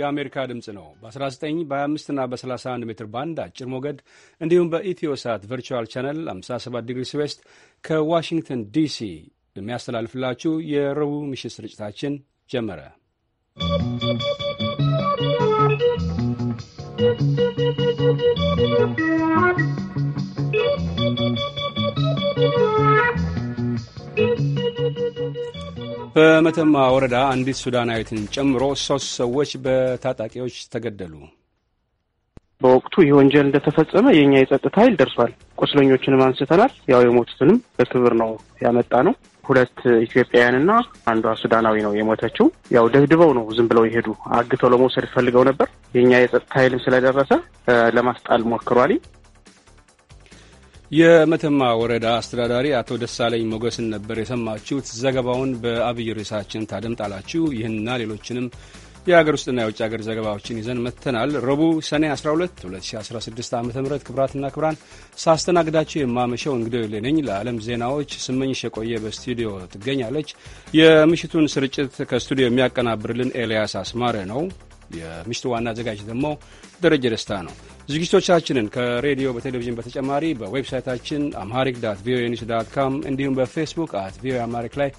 የአሜሪካ ድምፅ ነው። በ19 25 እና በ31 ሜትር ባንድ አጭር ሞገድ እንዲሁም በኢትዮ ሳት ቨርቹዋል ቻነል 57 ዲግሪ ዌስት ከዋሽንግተን ዲሲ የሚያስተላልፍላችሁ የረቡዕ ምሽት ስርጭታችን ጀመረ። ¶¶ በመተማ ወረዳ አንዲት ሱዳናዊትን ጨምሮ ሶስት ሰዎች በታጣቂዎች ተገደሉ። በወቅቱ ይህ ወንጀል እንደተፈጸመ የእኛ የጸጥታ ኃይል ደርሷል። ቁስለኞችንም አንስተናል። ያው የሞቱትንም በክብር ነው ያመጣ ነው። ሁለት ኢትዮጵያውያንና አንዷ ሱዳናዊ ነው የሞተችው። ያው ደብድበው ነው ዝም ብለው የሄዱ አግተው ለመውሰድ ፈልገው ነበር። የእኛ የጸጥታ ኃይልም ስለደረሰ ለማስጣል ሞክሯል። የመተማ ወረዳ አስተዳዳሪ አቶ ደሳለኝ ሞገስን ነበር የሰማችሁት። ዘገባውን በአብይ ርዕሳችን ታደምጣላችሁ። ይህንና ሌሎችንም የአገር ውስጥና የውጭ ሀገር ዘገባዎችን ይዘን መጥተናል። ረቡዕ ሰኔ 12 2016 ዓ ም ክብራትና ክብራን ሳስተናግዳችሁ የማመሸው እንግዲህ ሌነኝ ለዓለም ዜናዎች ስመኝሽ የቆየ በስቱዲዮ ትገኛለች። የምሽቱን ስርጭት ከስቱዲዮ የሚያቀናብርልን ኤልያስ አስማረ ነው። የምሽቱ ዋና አዘጋጅ ደግሞ ደረጀ ደስታ ነው። ዝግጅቶቻችንን ከሬዲዮ በቴሌቪዥን በተጨማሪ በዌብሳይታችን አምሃሪክ ዳት ቪኦኤ ኒውስ ዳት ካም እንዲሁም በፌስቡክ አት ቪኦኤ አማሪክ ላይ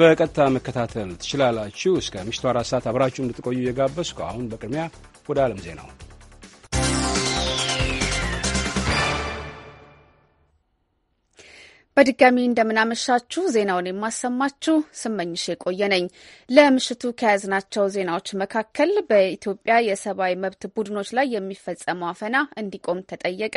በቀጥታ መከታተል ትችላላችሁ። እስከ ምሽቱ አራት ሰዓት አብራችሁ እንድትቆዩ እየጋበዝኩ አሁን በቅድሚያ ወደ ዓለም ዜናው በድጋሚ እንደምናመሻችሁ ዜናውን የማሰማችሁ ስመኝሽ የቆየ ነኝ። ለምሽቱ ከያዝናቸው ዜናዎች መካከል በኢትዮጵያ የሰብአዊ መብት ቡድኖች ላይ የሚፈጸመው አፈና እንዲቆም ተጠየቀ፣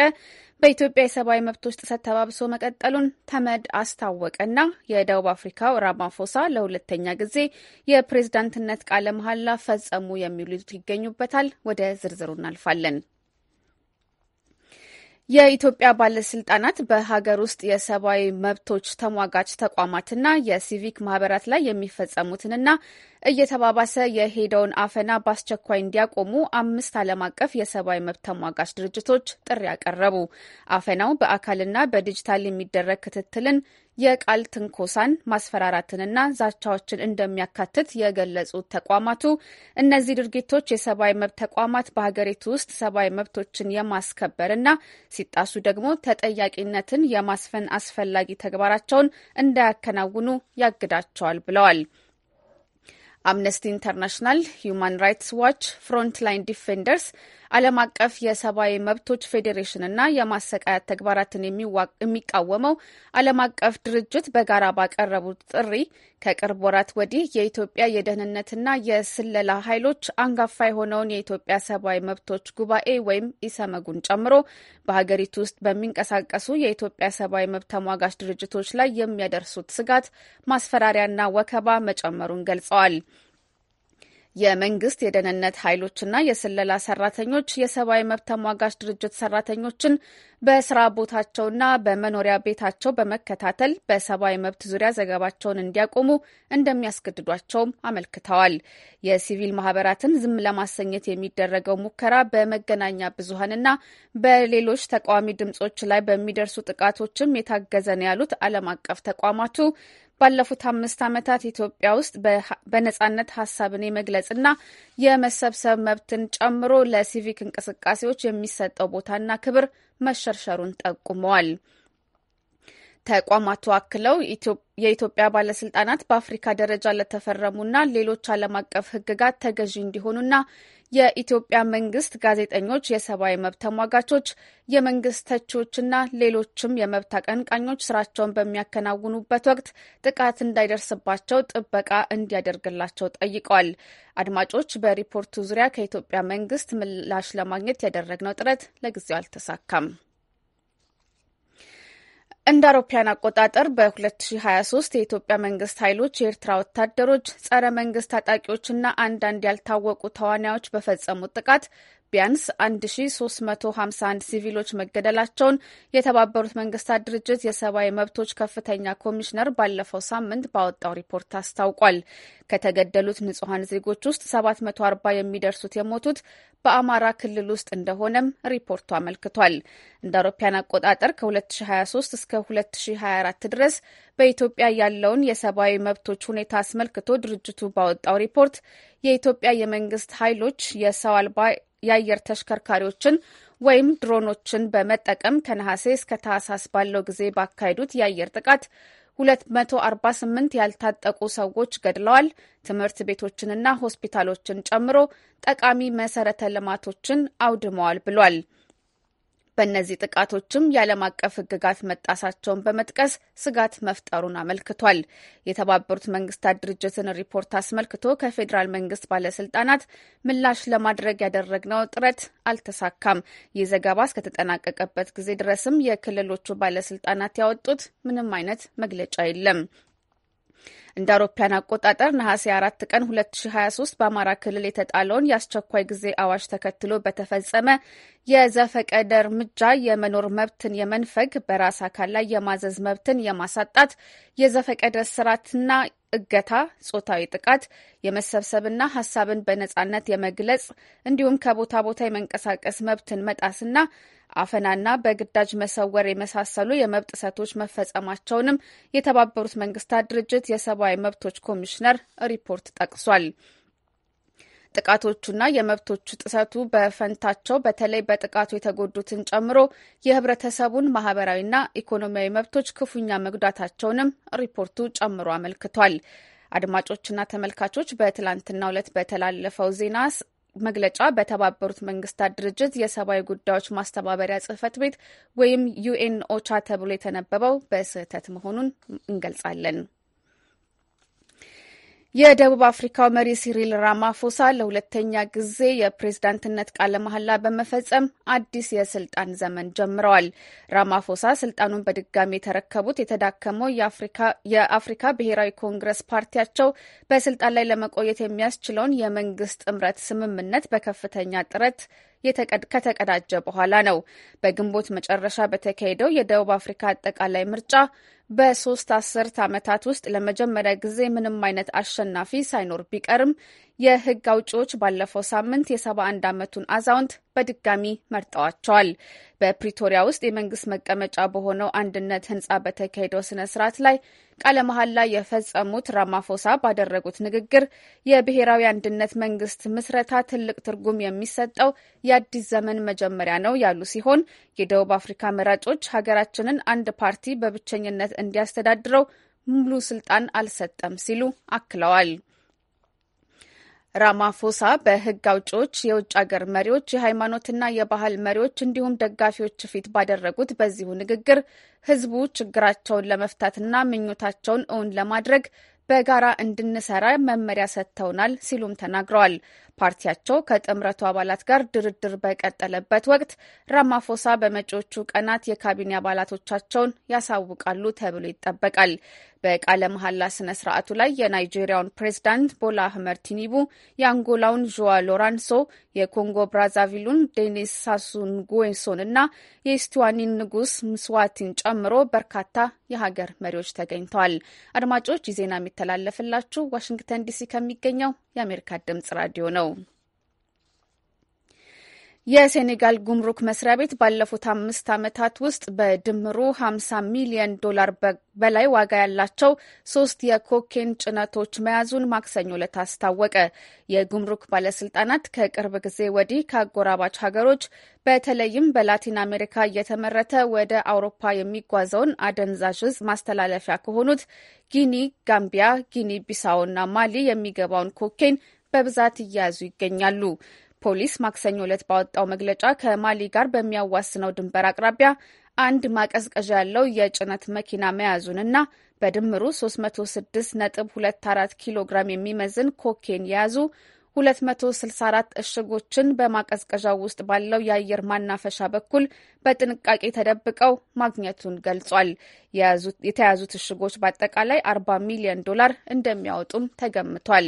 በኢትዮጵያ የሰብአዊ መብቶች ጥሰት ተባብሶ መቀጠሉን ተመድ አስታወቀና የደቡብ አፍሪካው ራማፎሳ ለሁለተኛ ጊዜ የፕሬዝዳንትነት ቃለ መሐላ ፈጸሙ የሚሉት ይገኙበታል። ወደ ዝርዝሩ እናልፋለን። የኢትዮጵያ ባለስልጣናት በሀገር ውስጥ የሰብአዊ መብቶች ተሟጋች ተቋማትና የሲቪክ ማህበራት ላይ የሚፈጸሙትንና እየተባባሰ የሄደውን አፈና በአስቸኳይ እንዲያቆሙ አምስት ዓለም አቀፍ የሰብአዊ መብት ተሟጋች ድርጅቶች ጥሪ አቀረቡ። አፈናው በአካልና በዲጂታል የሚደረግ ክትትልን የቃል ትንኮሳን ማስፈራራትንና ዛቻዎችን እንደሚያካትት የገለጹት ተቋማቱ እነዚህ ድርጊቶች የሰብአዊ መብት ተቋማት በሀገሪቱ ውስጥ ሰብአዊ መብቶችን የማስከበርና ሲጣሱ ደግሞ ተጠያቂነትን የማስፈን አስፈላጊ ተግባራቸውን እንዳያከናውኑ ያግዳቸዋል ብለዋል። አምነስቲ ኢንተርናሽናል፣ ሁማን ራይትስ ዋች፣ ፍሮንትላይን ዲፌንደርስ ዓለም አቀፍ የሰብአዊ መብቶች ፌዴሬሽንና የማሰቃያት ተግባራትን የሚቃወመው ዓለም አቀፍ ድርጅት በጋራ ባቀረቡት ጥሪ ከቅርብ ወራት ወዲህ የኢትዮጵያ የደህንነትና የስለላ ኃይሎች አንጋፋ የሆነውን የኢትዮጵያ ሰብአዊ መብቶች ጉባኤ ወይም ኢሰመጉን ጨምሮ በሀገሪቱ ውስጥ በሚንቀሳቀሱ የኢትዮጵያ ሰብአዊ መብት ተሟጋች ድርጅቶች ላይ የሚያደርሱት ስጋት ማስፈራሪያና ወከባ መጨመሩን ገልጸዋል። የመንግስት የደህንነት ኃይሎችና የስለላ ሰራተኞች የሰብአዊ መብት ተሟጋች ድርጅት ሰራተኞችን በስራ ቦታቸውና በመኖሪያ ቤታቸው በመከታተል በሰብአዊ መብት ዙሪያ ዘገባቸውን እንዲያቆሙ እንደሚያስገድዷቸውም አመልክተዋል። የሲቪል ማህበራትን ዝም ለማሰኘት የሚደረገው ሙከራ በመገናኛ ብዙሀንና በሌሎች ተቃዋሚ ድምጾች ላይ በሚደርሱ ጥቃቶችም የታገዘ ነው ያሉት ዓለም አቀፍ ተቋማቱ ባለፉት አምስት ዓመታት ኢትዮጵያ ውስጥ በነጻነት ሀሳብን የመግለጽና የመሰብሰብ መብትን ጨምሮ ለሲቪክ እንቅስቃሴዎች የሚሰጠው ቦታና ክብር መሸርሸሩን ጠቁመዋል። ተቋማቱ አክለው የኢትዮጵያ ባለስልጣናት በአፍሪካ ደረጃ ለተፈረሙና ሌሎች ዓለም አቀፍ ሕግጋት ተገዢ እንዲሆኑና የኢትዮጵያ መንግስት ጋዜጠኞች፣ የሰብአዊ መብት ተሟጋቾች፣ የመንግስት ተቺዎችና ሌሎችም የመብት አቀንቃኞች ስራቸውን በሚያከናውኑበት ወቅት ጥቃት እንዳይደርስባቸው ጥበቃ እንዲያደርግላቸው ጠይቀዋል። አድማጮች፣ በሪፖርቱ ዙሪያ ከኢትዮጵያ መንግስት ምላሽ ለማግኘት ያደረግነው ጥረት ለጊዜው አልተሳካም። እንደ አውሮፓያን አቆጣጠር በ2023 የኢትዮጵያ መንግስት ኃይሎች የኤርትራ ወታደሮች ጸረ መንግስት ታጣቂዎችና አንዳንድ ያልታወቁ ተዋናዮች በፈጸሙት ጥቃት ቢያንስ 1351 ሲቪሎች መገደላቸውን የተባበሩት መንግስታት ድርጅት የሰብአዊ መብቶች ከፍተኛ ኮሚሽነር ባለፈው ሳምንት ባወጣው ሪፖርት አስታውቋል። ከተገደሉት ንጹሐን ዜጎች ውስጥ 740 የሚደርሱት የሞቱት በአማራ ክልል ውስጥ እንደሆነም ሪፖርቱ አመልክቷል። እንደ አውሮፓያን አቆጣጠር ከ2023 እስከ 2024 ድረስ በኢትዮጵያ ያለውን የሰብአዊ መብቶች ሁኔታ አስመልክቶ ድርጅቱ ባወጣው ሪፖርት የኢትዮጵያ የመንግስት ኃይሎች የሰው አልባ የአየር ተሽከርካሪዎችን ወይም ድሮኖችን በመጠቀም ከነሐሴ እስከ ታህሳስ ባለው ጊዜ ባካሄዱት የአየር ጥቃት 248 ያልታጠቁ ሰዎች ገድለዋል። ትምህርት ቤቶችንና ሆስፒታሎችን ጨምሮ ጠቃሚ መሰረተ ልማቶችን አውድመዋል ብሏል። በእነዚህ ጥቃቶችም የዓለም አቀፍ ሕግጋት መጣሳቸውን በመጥቀስ ስጋት መፍጠሩን አመልክቷል። የተባበሩት መንግስታት ድርጅትን ሪፖርት አስመልክቶ ከፌዴራል መንግስት ባለስልጣናት ምላሽ ለማድረግ ያደረግነው ጥረት አልተሳካም። ይህ ዘገባ እስከተጠናቀቀበት ጊዜ ድረስም የክልሎቹ ባለስልጣናት ያወጡት ምንም አይነት መግለጫ የለም። እንደ አውሮፓያን አቆጣጠር ነሐሴ አራት ቀን 2023 በአማራ ክልል የተጣለውን የአስቸኳይ ጊዜ አዋጅ ተከትሎ በተፈጸመ የዘፈቀደ እርምጃ የመኖር መብትን የመንፈግ በራስ አካል ላይ የማዘዝ መብትን የማሳጣት የዘፈቀደ ስራትና እገታ፣ ጾታዊ ጥቃት፣ የመሰብሰብና ሀሳብን በነጻነት የመግለጽ እንዲሁም ከቦታ ቦታ የመንቀሳቀስ መብትን መጣስና አፈናና በግዳጅ መሰወር የመሳሰሉ የመብት ጥሰቶች መፈጸማቸውንም የተባበሩት መንግስታት ድርጅት የሰ የሰብአዊ መብቶች ኮሚሽነር ሪፖርት ጠቅሷል። ጥቃቶቹና የመብቶቹ ጥሰቱ በፈንታቸው በተለይ በጥቃቱ የተጎዱትን ጨምሮ የህብረተሰቡን ማህበራዊና ኢኮኖሚያዊ መብቶች ክፉኛ መጉዳታቸውንም ሪፖርቱ ጨምሮ አመልክቷል። አድማጮችና ተመልካቾች በትላንትናው ዕለት በተላለፈው ዜና መግለጫ በተባበሩት መንግስታት ድርጅት የሰብአዊ ጉዳዮች ማስተባበሪያ ጽህፈት ቤት ወይም ዩኤን ኦቻ ተብሎ የተነበበው በስህተት መሆኑን እንገልጻለን። የደቡብ አፍሪካው መሪ ሲሪል ራማፎሳ ለሁለተኛ ጊዜ የፕሬዝዳንትነት ቃለ መሐላ በመፈጸም አዲስ የስልጣን ዘመን ጀምረዋል። ራማፎሳ ስልጣኑን በድጋሚ የተረከቡት የተዳከመው የአፍሪካ ብሔራዊ ኮንግረስ ፓርቲያቸው በስልጣን ላይ ለመቆየት የሚያስችለውን የመንግስት ጥምረት ስምምነት በከፍተኛ ጥረት ከተቀዳጀ በኋላ ነው። በግንቦት መጨረሻ በተካሄደው የደቡብ አፍሪካ አጠቃላይ ምርጫ በሶስት አስርት ዓመታት ውስጥ ለመጀመሪያ ጊዜ ምንም አይነት አሸናፊ ሳይኖር ቢቀርም የህግ አውጪዎች ባለፈው ሳምንት የሰባ 71 ዓመቱን አዛውንት በድጋሚ መርጠዋቸዋል። በፕሪቶሪያ ውስጥ የመንግስት መቀመጫ በሆነው አንድነት ህንጻ በተካሄደው ስነ ስርዓት ላይ ቃለ ላይ የፈጸሙት ራማፎሳ ባደረጉት ንግግር የብሔራዊ አንድነት መንግስት ምስረታ ትልቅ ትርጉም የሚሰጠው የአዲስ ዘመን መጀመሪያ ነው ያሉ ሲሆን የደቡብ አፍሪካ መራጮች ሀገራችንን አንድ ፓርቲ በብቸኝነት እንዲያስተዳድረው ሙሉ ስልጣን አልሰጠም ሲሉ አክለዋል። ራማፎሳ በህግ አውጪዎች፣ የውጭ አገር መሪዎች፣ የሃይማኖትና የባህል መሪዎች እንዲሁም ደጋፊዎች ፊት ባደረጉት በዚሁ ንግግር ህዝቡ ችግራቸውን ለመፍታትና ምኞታቸውን እውን ለማድረግ በጋራ እንድንሰራ መመሪያ ሰጥተውናል ሲሉም ተናግረዋል። ፓርቲያቸው ከጥምረቱ አባላት ጋር ድርድር በቀጠለበት ወቅት ራማፎሳ በመጪዎቹ ቀናት የካቢኔ አባላቶቻቸውን ያሳውቃሉ ተብሎ ይጠበቃል። በቃለ መሐላ ስነ ስርዓቱ ላይ የናይጄሪያውን ፕሬዝዳንት ቦላ አህመድ ቲኒቡ፣ የአንጎላውን ዥዋ ሎራንሶ፣ የኮንጎ ብራዛቪሉን ዴኒስ ሳሱን እና የኢስቱዋኒን ንጉስ ምስዋቲን ጨምሮ በርካታ የሀገር መሪዎች ተገኝተዋል። አድማጮች ዜና የሚተላለፍላችሁ ዋሽንግተን ዲሲ ከሚገኘው የአሜሪካ ድምጽ ራዲዮ ነው። የሴኔጋል ጉምሩክ መስሪያ ቤት ባለፉት አምስት ዓመታት ውስጥ በድምሩ 50 ሚሊዮን ዶላር በላይ ዋጋ ያላቸው ሶስት የኮኬን ጭነቶች መያዙን ማክሰኞ ዕለት አስታወቀ። የጉምሩክ ባለስልጣናት ከቅርብ ጊዜ ወዲህ ከአጎራባች ሀገሮች በተለይም በላቲን አሜሪካ እየተመረተ ወደ አውሮፓ የሚጓዘውን አደንዛዥ እጽ ማስተላለፊያ ከሆኑት ጊኒ፣ ጋምቢያ፣ ጊኒ ቢሳውና ማሊ የሚገባውን ኮኬን በብዛት እየያዙ ይገኛሉ። ፖሊስ ማክሰኞ ዕለት ባወጣው መግለጫ ከማሊ ጋር በሚያዋስነው ድንበር አቅራቢያ አንድ ማቀዝቀዣ ያለው የጭነት መኪና መያዙንና በድምሩ 3624 ኪሎ ግራም የሚመዝን ኮኬን የያዙ 264 እሽጎችን በማቀዝቀዣው ውስጥ ባለው የአየር ማናፈሻ በኩል በጥንቃቄ ተደብቀው ማግኘቱን ገልጿል። የተያዙት እሽጎች በአጠቃላይ 40 ሚሊዮን ዶላር እንደሚያወጡም ተገምቷል።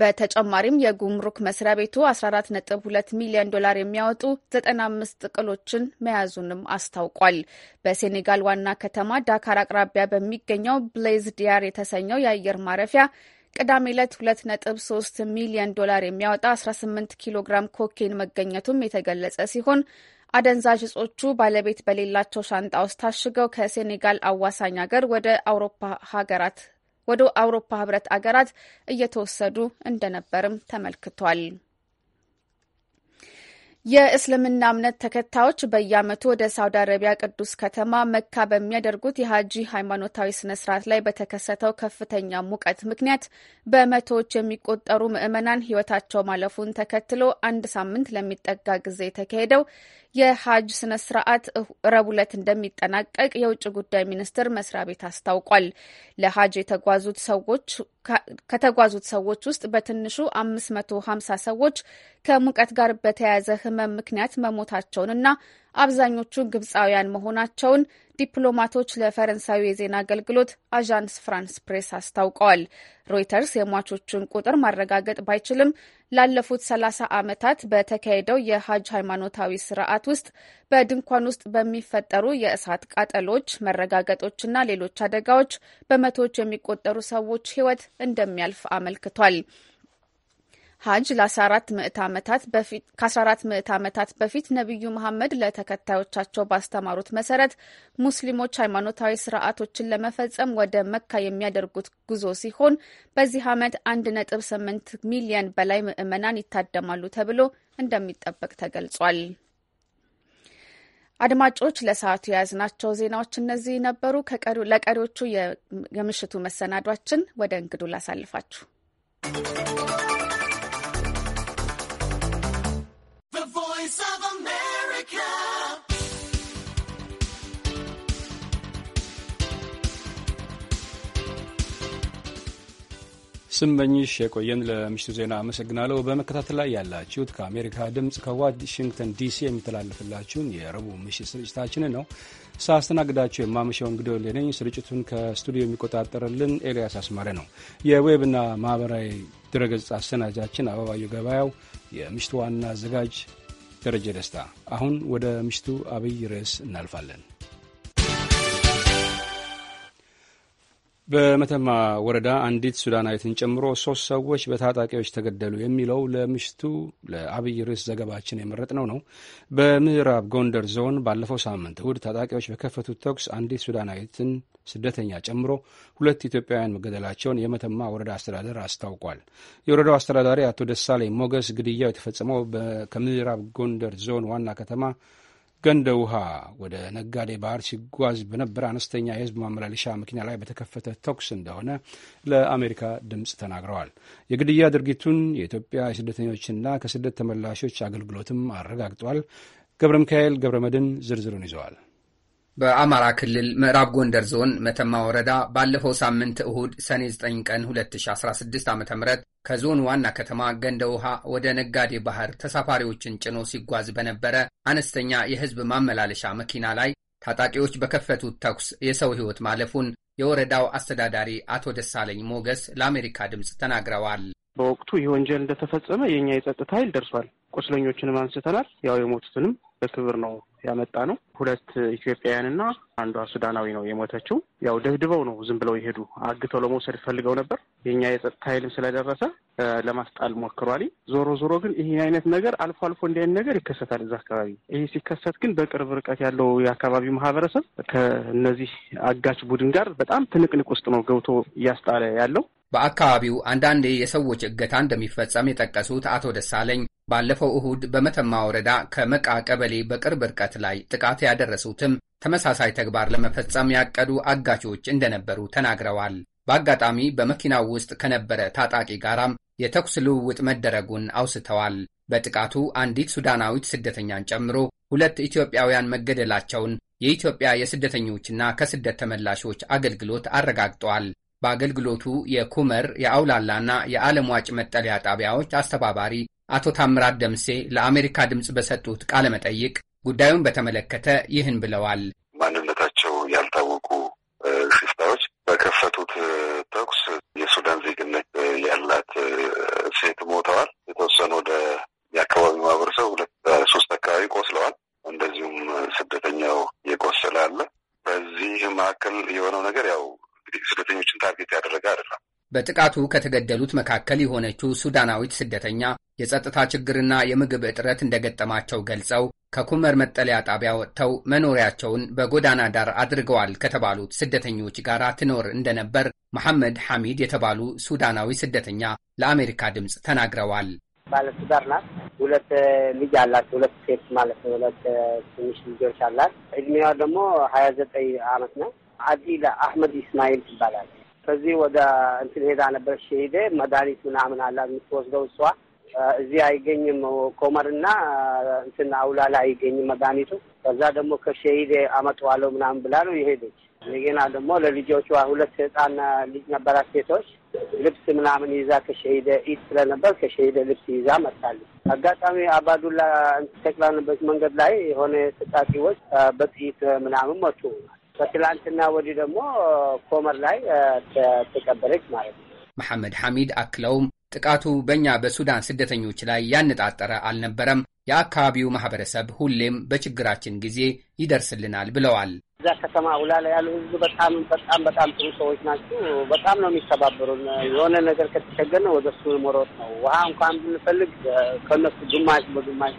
በተጨማሪም የጉምሩክ መስሪያ ቤቱ 14.2 ሚሊዮን ዶላር የሚያወጡ 95 ጥቅሎችን መያዙንም አስታውቋል። በሴኔጋል ዋና ከተማ ዳካር አቅራቢያ በሚገኘው ብሌዝ ዲያር የተሰኘው የአየር ማረፊያ ቅዳሜ ዕለት 2.3 ሚሊዮን ዶላር የሚያወጣ 18 ኪሎ ግራም ኮኬን መገኘቱም የተገለጸ ሲሆን አደንዛዥ እጾቹ ባለቤት በሌላቸው ሻንጣ ውስጥ ታሽገው ከሴኔጋል አዋሳኝ ሀገር ወደ አውሮፓ ሀገራት ወደ አውሮፓ ህብረት አገራት እየተወሰዱ እንደነበርም ተመልክቷል። የእስልምና እምነት ተከታዮች በየዓመቱ ወደ ሳውዲ አረቢያ ቅዱስ ከተማ መካ በሚያደርጉት የሀጂ ሃይማኖታዊ ስነ ስርዓት ላይ በተከሰተው ከፍተኛ ሙቀት ምክንያት በመቶዎች የሚቆጠሩ ምዕመናን ህይወታቸው ማለፉን ተከትሎ አንድ ሳምንት ለሚጠጋ ጊዜ የተካሄደው የሀጅ ስነ ስርዓት ረቡዕ ዕለት እንደሚጠናቀቅ የውጭ ጉዳይ ሚኒስቴር መስሪያ ቤት አስታውቋል። ለሀጅ የተጓዙት ሰዎች ከተጓዙት ሰዎች ውስጥ በትንሹ 550 ሰዎች ከሙቀት ጋር በተያያዘ ህመም ምክንያት መሞታቸውንና አብዛኞቹ ግብፃውያን መሆናቸውን ዲፕሎማቶች ለፈረንሳዊ የዜና አገልግሎት አዣንስ ፍራንስ ፕሬስ አስታውቀዋል። ሮይተርስ የሟቾቹን ቁጥር ማረጋገጥ ባይችልም ላለፉት 30 ዓመታት በተካሄደው የሀጅ ሃይማኖታዊ ስርዓት ውስጥ በድንኳን ውስጥ በሚፈጠሩ የእሳት ቃጠሎች፣ መረጋገጦችና ሌሎች አደጋዎች በመቶዎች የሚቆጠሩ ሰዎች ሕይወት እንደሚያልፍ አመልክቷል። ሀጅ ለ14 ምዕት ዓመታት በፊት ከ14 ምዕት ዓመታት በፊት ነቢዩ መሐመድ ለተከታዮቻቸው ባስተማሩት መሰረት ሙስሊሞች ሃይማኖታዊ ስርዓቶችን ለመፈጸም ወደ መካ የሚያደርጉት ጉዞ ሲሆን በዚህ ዓመት 1.8 ሚሊየን በላይ ምዕመናን ይታደማሉ ተብሎ እንደሚጠበቅ ተገልጿል። አድማጮች ለሰዓቱ የያዝናቸው ዜናዎች እነዚህ ነበሩ። ለቀሪዎቹ የምሽቱ መሰናዷችን ወደ እንግዱ ላሳልፋችሁ። ስመኝሽ የቆየን ለምሽቱ ዜና አመሰግናለሁ። በመከታተል ላይ ያላችሁት ከአሜሪካ ድምፅ ከዋሽንግተን ዲሲ የሚተላለፍላችሁን የረቡዕ ምሽት ስርጭታችንን ነው። ሳስተናግዳቸው የማመሻው እንግዲ ነኝ። ስርጭቱን ከስቱዲዮ የሚቆጣጠርልን ኤልያስ አስማረ ነው። የዌብና ማህበራዊ ድረገጽ አሰናጃችን አበባየው ገበያው፣ የምሽቱ ዋና አዘጋጅ ደረጀ ደስታ። አሁን ወደ ምሽቱ አብይ ርዕስ እናልፋለን። በመተማ ወረዳ አንዲት ሱዳናዊትን ጨምሮ ሶስት ሰዎች በታጣቂዎች ተገደሉ የሚለው ለምሽቱ ለአብይ ርዕስ ዘገባችን የመረጥነው ነው። በምዕራብ ጎንደር ዞን ባለፈው ሳምንት እሁድ ታጣቂዎች በከፈቱት ተኩስ አንዲት ሱዳናዊትን ስደተኛ ጨምሮ ሁለት ኢትዮጵያውያን መገደላቸውን የመተማ ወረዳ አስተዳደር አስታውቋል። የወረዳው አስተዳዳሪ አቶ ደሳሌ ሞገስ ግድያው የተፈጸመው ከምዕራብ ጎንደር ዞን ዋና ከተማ ገንደ ውሃ ወደ ነጋዴ ባህር ሲጓዝ በነበረ አነስተኛ የህዝብ ማመላለሻ መኪና ላይ በተከፈተ ተኩስ እንደሆነ ለአሜሪካ ድምፅ ተናግረዋል። የግድያ ድርጊቱን የኢትዮጵያ የስደተኞችና ከስደት ተመላሾች አገልግሎትም አረጋግጧል። ገብረ ሚካኤል ገብረ መድን ዝርዝሩን ይዘዋል። በአማራ ክልል ምዕራብ ጎንደር ዞን መተማ ወረዳ ባለፈው ሳምንት እሁድ ሰኔ 9 ቀን 2016 ዓ ም ከዞን ዋና ከተማ ገንደ ውሃ ወደ ነጋዴ ባህር ተሳፋሪዎችን ጭኖ ሲጓዝ በነበረ አነስተኛ የህዝብ ማመላለሻ መኪና ላይ ታጣቂዎች በከፈቱት ተኩስ የሰው ሕይወት ማለፉን የወረዳው አስተዳዳሪ አቶ ደሳለኝ ሞገስ ለአሜሪካ ድምፅ ተናግረዋል። በወቅቱ ይህ ወንጀል እንደተፈጸመ የእኛ የጸጥታ ኃይል ደርሷል። ቁስለኞችንም አንስተናል። ያው የሞቱትንም በክብር ነው ያመጣ ነው። ሁለት ኢትዮጵያውያንና አንዷ ሱዳናዊ ነው የሞተችው። ያው ደብድበው ነው ዝም ብለው የሄዱ አግተው ለመውሰድ ፈልገው ነበር። የኛ የጸጥታ ኃይልም ስለደረሰ ለማስጣል ሞክሯል። ዞሮ ዞሮ ግን ይህ አይነት ነገር አልፎ አልፎ እንዲህ ነገር ይከሰታል እዛ አካባቢ። ይህ ሲከሰት ግን በቅርብ ርቀት ያለው የአካባቢው ማህበረሰብ ከእነዚህ አጋች ቡድን ጋር በጣም ትንቅንቅ ውስጥ ነው ገብቶ እያስጣለ ያለው። በአካባቢው አንዳንድ የሰዎች እገታ እንደሚፈጸም የጠቀሱት አቶ ደሳለኝ ባለፈው እሁድ በመተማ ወረዳ ከመቃ ቀበሌ በቅርብ ርቀት ላይ ጥቃት ያደረሱትም ተመሳሳይ ተግባር ለመፈጸም ያቀዱ አጋቾች እንደነበሩ ተናግረዋል። በአጋጣሚ በመኪናው ውስጥ ከነበረ ታጣቂ ጋራም የተኩስ ልውውጥ መደረጉን አውስተዋል። በጥቃቱ አንዲት ሱዳናዊት ስደተኛን ጨምሮ ሁለት ኢትዮጵያውያን መገደላቸውን የኢትዮጵያ የስደተኞችና ከስደት ተመላሾች አገልግሎት አረጋግጧል። በአገልግሎቱ የኩመር የአውላላና የዓለም ዋጭ መጠለያ ጣቢያዎች አስተባባሪ አቶ ታምራት ደምሴ ለአሜሪካ ድምፅ በሰጡት ቃለ መጠይቅ ጉዳዩን በተመለከተ ይህን ብለዋል። ማንነታቸው ያልታወቁ ሽፍታዎች በከፈቱት ተኩስ የሱዳን ዜግነት ያላት ሴት ሞተዋል። የተወሰኑ ወደ የአካባቢው ማህበረሰብ ሁለት ሶስት አካባቢ ቆስለዋል። እንደዚሁም ስደተኛው የቆሰለ አለ። በዚህ መካከል የሆነው ነገር ያው እንግዲህ ስደተኞችን ታርጌት ያደረገ አይደለም። በጥቃቱ ከተገደሉት መካከል የሆነችው ሱዳናዊት ስደተኛ የጸጥታ ችግርና የምግብ እጥረት እንደገጠማቸው ገልጸው ከኩመር መጠለያ ጣቢያ ወጥተው መኖሪያቸውን በጎዳና ዳር አድርገዋል ከተባሉት ስደተኞች ጋር ትኖር እንደነበር መሐመድ ሐሚድ የተባሉ ሱዳናዊ ስደተኛ ለአሜሪካ ድምፅ ተናግረዋል። ባለሱዳር ናት። ሁለት ልጅ አላት። ሁለት ሴት ማለት ነው። ሁለት ትንሽ ልጆች አላት። እድሜዋ ደግሞ ሀያ ዘጠኝ አመት ነው። አዲላ አህመድ ኢስማኤል ትባላለች። ከዚህ ወደ እንትን ሄዳ ነበር። ሄደ መድኃኒት ምናምን አላት የምትወስደው እሷ እዚህ አይገኝም ኮመርና እንትን ላይ አይገኝም መድኃኒቱ። ከዛ ደግሞ ከሸሂድ አመጣዋለሁ ምናምን ብላ ነው የሄደች። እንደገና ደግሞ ለልጆቿ ሁለት ህፃን ልጅ ነበራት ሴቶች ልብስ ምናምን ይዛ ከሸሂደ ኢድ ስለነበር ከሸሂደ ልብስ ይዛ መጣለች። አጋጣሚ አባዱላ ተክላንበት መንገድ ላይ የሆነ ታጣቂዎች በጥይት ምናምን መቱ። ከትላንትና ወዲህ ደግሞ ኮመር ላይ ተቀበረች ማለት ነው። መሐመድ ሐሚድ አክለውም ጥቃቱ በእኛ በሱዳን ስደተኞች ላይ ያነጣጠረ አልነበረም። የአካባቢው ማህበረሰብ ሁሌም በችግራችን ጊዜ ይደርስልናል ብለዋል። እዛ ከተማ ውላላ ያሉ ህዝብ በጣም በጣም በጣም ጥሩ ሰዎች ናቸው። በጣም ነው የሚተባበሩን። የሆነ ነገር ከተቸገርን ወደ እሱ መሮጥ ነው። ውሃ እንኳን ብንፈልግ ከነሱ ግማሽ በግማሽ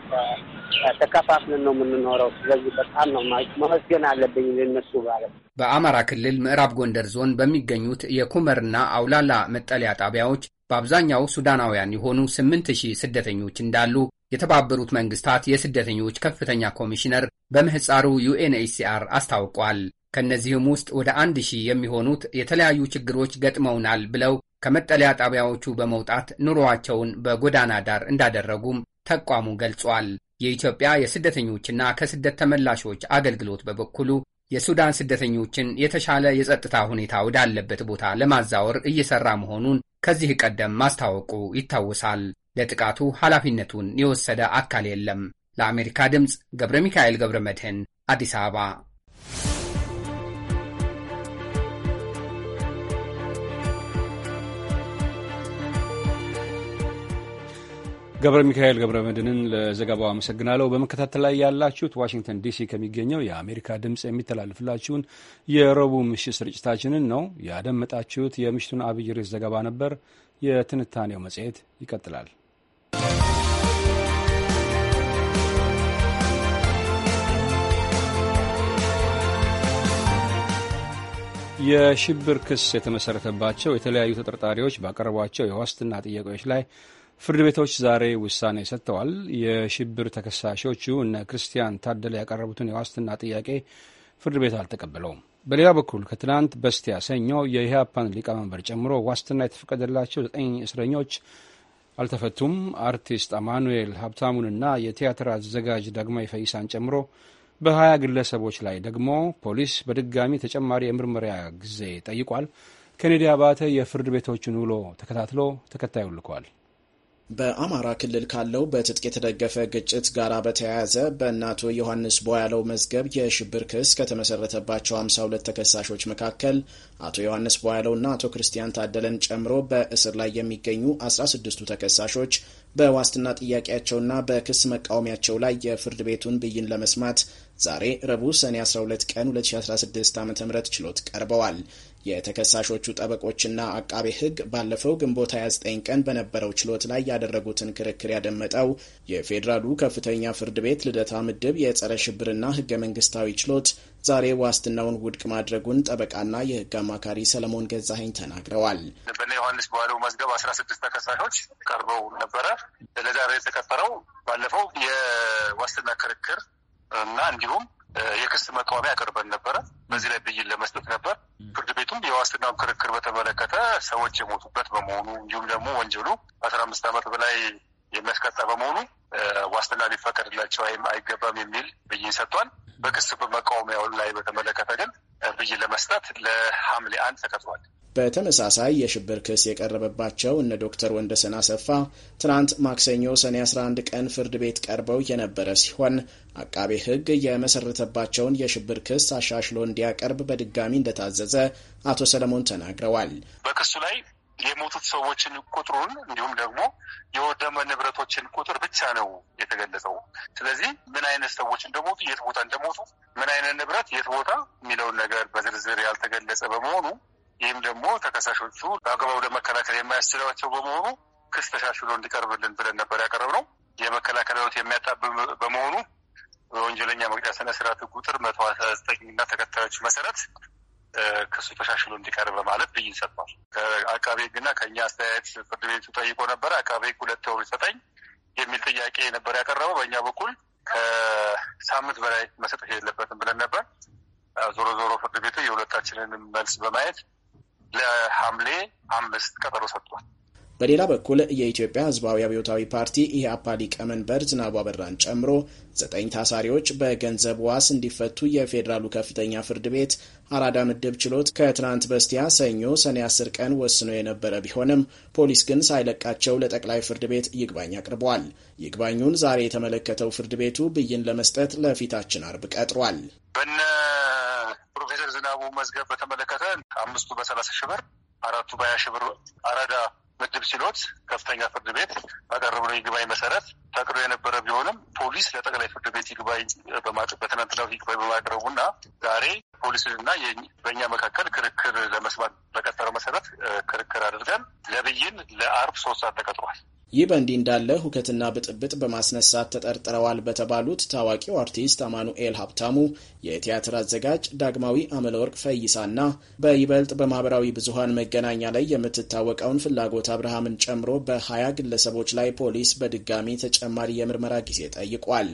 ተከፋፍለን ነው የምንኖረው። ስለዚህ በጣም ነው መመስገን አለብኝ ለነሱ ማለት። በአማራ ክልል ምዕራብ ጎንደር ዞን በሚገኙት የኩመርና አውላላ መጠለያ ጣቢያዎች በአብዛኛው ሱዳናውያን የሆኑ ስምንት ሺህ ስደተኞች እንዳሉ የተባበሩት መንግስታት የስደተኞች ከፍተኛ ኮሚሽነር በምህፃሩ ዩኤንኤችሲአር አስታውቋል። ከእነዚህም ውስጥ ወደ አንድ ሺህ የሚሆኑት የተለያዩ ችግሮች ገጥመውናል ብለው ከመጠለያ ጣቢያዎቹ በመውጣት ኑሮአቸውን በጎዳና ዳር እንዳደረጉም ተቋሙ ገልጿል። የኢትዮጵያ የስደተኞችና ከስደት ተመላሾች አገልግሎት በበኩሉ የሱዳን ስደተኞችን የተሻለ የጸጥታ ሁኔታ ወዳለበት ቦታ ለማዛወር እየሰራ መሆኑን ከዚህ ቀደም ማስታወቁ ይታወሳል። ለጥቃቱ ኃላፊነቱን የወሰደ አካል የለም። ለአሜሪካ ድምፅ ገብረ ሚካኤል ገብረ መድህን አዲስ አበባ ገብረ ሚካኤል ገብረ መድንን ለዘገባው አመሰግናለሁ። በመከታተል ላይ ያላችሁት ዋሽንግተን ዲሲ ከሚገኘው የአሜሪካ ድምፅ የሚተላልፍላችሁን የረቡዕ ምሽት ስርጭታችንን ነው ያደመጣችሁት። የምሽቱን አብይ ርዕስ ዘገባ ነበር። የትንታኔው መጽሔት ይቀጥላል። የሽብር ክስ የተመሰረተባቸው የተለያዩ ተጠርጣሪዎች ባቀረቧቸው የዋስትና ጥያቄዎች ላይ ፍርድ ቤቶች ዛሬ ውሳኔ ሰጥተዋል። የሽብር ተከሳሾቹ እነ ክርስቲያን ታደለ ያቀረቡትን የዋስትና ጥያቄ ፍርድ ቤት አልተቀበለውም። በሌላ በኩል ከትናንት በስቲያ ሰኞ የኢህአፓን ሊቀመንበር ጨምሮ ዋስትና የተፈቀደላቸው ዘጠኝ እስረኞች አልተፈቱም። አርቲስት አማኑኤል ሀብታሙንና የቲያትር አዘጋጅ ዳግማዊ ፈይሳን ጨምሮ በሀያ ግለሰቦች ላይ ደግሞ ፖሊስ በድጋሚ ተጨማሪ የምርመሪያ ጊዜ ጠይቋል። ኬኔዲ አባተ የፍርድ ቤቶችን ውሎ ተከታትሎ ተከታዩ ልኳል። በአማራ ክልል ካለው በትጥቅ የተደገፈ ግጭት ጋር በተያያዘ በእናቶ ዮሐንስ ቦያለው መዝገብ የሽብር ክስ ከተመሰረተባቸው 52 ተከሳሾች መካከል አቶ ዮሐንስ ቦያለውና አቶ ክርስቲያን ታደለን ጨምሮ በእስር ላይ የሚገኙ 16ቱ ተከሳሾች በዋስትና ጥያቄያቸውና በክስ መቃወሚያቸው ላይ የፍርድ ቤቱን ብይን ለመስማት ዛሬ ረቡዕ ሰኔ 12 ቀን 2016 ዓ ም ችሎት ቀርበዋል። የተከሳሾቹ ጠበቆችና አቃቤ ሕግ ባለፈው ግንቦት 29 ቀን በነበረው ችሎት ላይ ያደረጉትን ክርክር ያደመጠው የፌዴራሉ ከፍተኛ ፍርድ ቤት ልደታ ምድብ የጸረ ሽብርና ህገ መንግስታዊ ችሎት ዛሬ ዋስትናውን ውድቅ ማድረጉን ጠበቃና የህግ አማካሪ ሰለሞን ገዛኸኝ ተናግረዋል። በነ ዮሐንስ በዋለው መዝገብ አስራ ስድስት ተከሳሾች ቀርበው ነበረ። ለዛሬ የተከፈረው ባለፈው የዋስትና ክርክር እና እንዲሁም የክስ መቃወሚያ ያቀርበን ነበረ። በዚህ ላይ ብይን ለመስጠት ነበር። ፍርድ ቤቱም የዋስትናውን ክርክር በተመለከተ ሰዎች የሞቱበት በመሆኑ እንዲሁም ደግሞ ወንጀሉ አስራ አምስት ዓመት በላይ የሚያስቀጣ በመሆኑ ዋስትና ሊፈቀድላቸው አይገባም የሚል ብይን ሰጥቷል። በክስ በመቃወሚያው ላይ በተመለከተ ግን ብይን ለመስጠት ለሐምሌ አንድ ተቀጥሯል። በተመሳሳይ የሽብር ክስ የቀረበባቸው እነ ዶክተር ወንደሰን አሰፋ ትናንት ማክሰኞ ሰኔ 11 ቀን ፍርድ ቤት ቀርበው የነበረ ሲሆን አቃቤ ሕግ የመሰረተባቸውን የሽብር ክስ አሻሽሎ እንዲያቀርብ በድጋሚ እንደታዘዘ አቶ ሰለሞን ተናግረዋል። በክሱ ላይ የሞቱት ሰዎችን ቁጥሩን እንዲሁም ደግሞ የወደመ ንብረቶችን ቁጥር ብቻ ነው የተገለጸው። ስለዚህ ምን አይነት ሰዎች እንደሞቱ፣ የት ቦታ እንደሞቱ፣ ምን አይነት ንብረት የት ቦታ የሚለውን ነገር በዝርዝር ያልተገለጸ በመሆኑ ይህም ደግሞ ተከሳሾቹ በአግባቡ ለመከላከል የማያስችላቸው በመሆኑ ክስ ተሻሽሎ እንዲቀርብልን ብለን ነበር ያቀረብነው። የመከላከል ሂደት የሚያጣብ በመሆኑ በወንጀለኛ መቅጫ ስነ ስርዓት ቁጥር መቶ አስራ ዘጠኝ እና ተከታዮች መሰረት ክሱ ተሻሽሎ እንዲቀርብ በማለት ብይን ሰጥቷል። ከአቃቤ ሕግና ከእኛ አስተያየት ፍርድ ቤቱ ጠይቆ ነበረ። አቃቤ ሕግ ሁለት ወር ይሰጠኝ የሚል ጥያቄ ነበር ያቀረበው። በእኛ በኩል ከሳምንት በላይ መሰጠት የለበትም ብለን ነበር። ዞሮ ዞሮ ፍርድ ቤቱ የሁለታችንን መልስ በማየት ለሐምሌ አምስት ቀጠሮ ሰጥቷል። በሌላ በኩል የኢትዮጵያ ሕዝባዊ አብዮታዊ ፓርቲ ኢህአፓ ሊቀመንበር ዝናቡ አበራን ጨምሮ ዘጠኝ ታሳሪዎች በገንዘብ ዋስ እንዲፈቱ የፌዴራሉ ከፍተኛ ፍርድ ቤት አራዳ ምድብ ችሎት ከትናንት በስቲያ ሰኞ ሰኔ 10 ቀን ወስኖ የነበረ ቢሆንም ፖሊስ ግን ሳይለቃቸው ለጠቅላይ ፍርድ ቤት ይግባኝ አቅርበዋል። ይግባኙን ዛሬ የተመለከተው ፍርድ ቤቱ ብይን ለመስጠት ለፊታችን አርብ ቀጥሯል። በነ ፕሮፌሰር ዝናቡ መዝገብ በተመለከተ አምስቱ በሰላሳ ሺህ ብር፣ አራቱ በሀያ ሺህ ብር አራዳ ምድብ ችሎት ከፍተኛ ፍርድ ቤት ባቀረብነው ይግባኝ መሰረት ፈቅዶ የነበረ ቢሆንም ፖሊስ ለጠቅላይ ፍርድ ቤት ይግባኝ በትናንትናው ይግባኝ በማቅረቡና ዛሬ ፖሊስና በእኛ መካከል ክርክር ለመስማት በቀጠረው መሰረት ክርክር አድርገን ለብይን ለአርብ ሶስት ሰዓት ተቀጥሯል። ይህ በእንዲህ እንዳለ ሁከትና ብጥብጥ በማስነሳት ተጠርጥረዋል በተባሉት ታዋቂው አርቲስት አማኑኤል ሀብታሙ፣ የቲያትር አዘጋጅ ዳግማዊ አመለወርቅ ፈይሳና በይበልጥ በማህበራዊ ብዙሀን መገናኛ ላይ የምትታወቀውን ፍላጎት አብርሃምን ጨምሮ በሀያ ግለሰቦች ላይ ፖሊስ በድጋሚ ተጨማሪ የምርመራ ጊዜ ጠይቋል።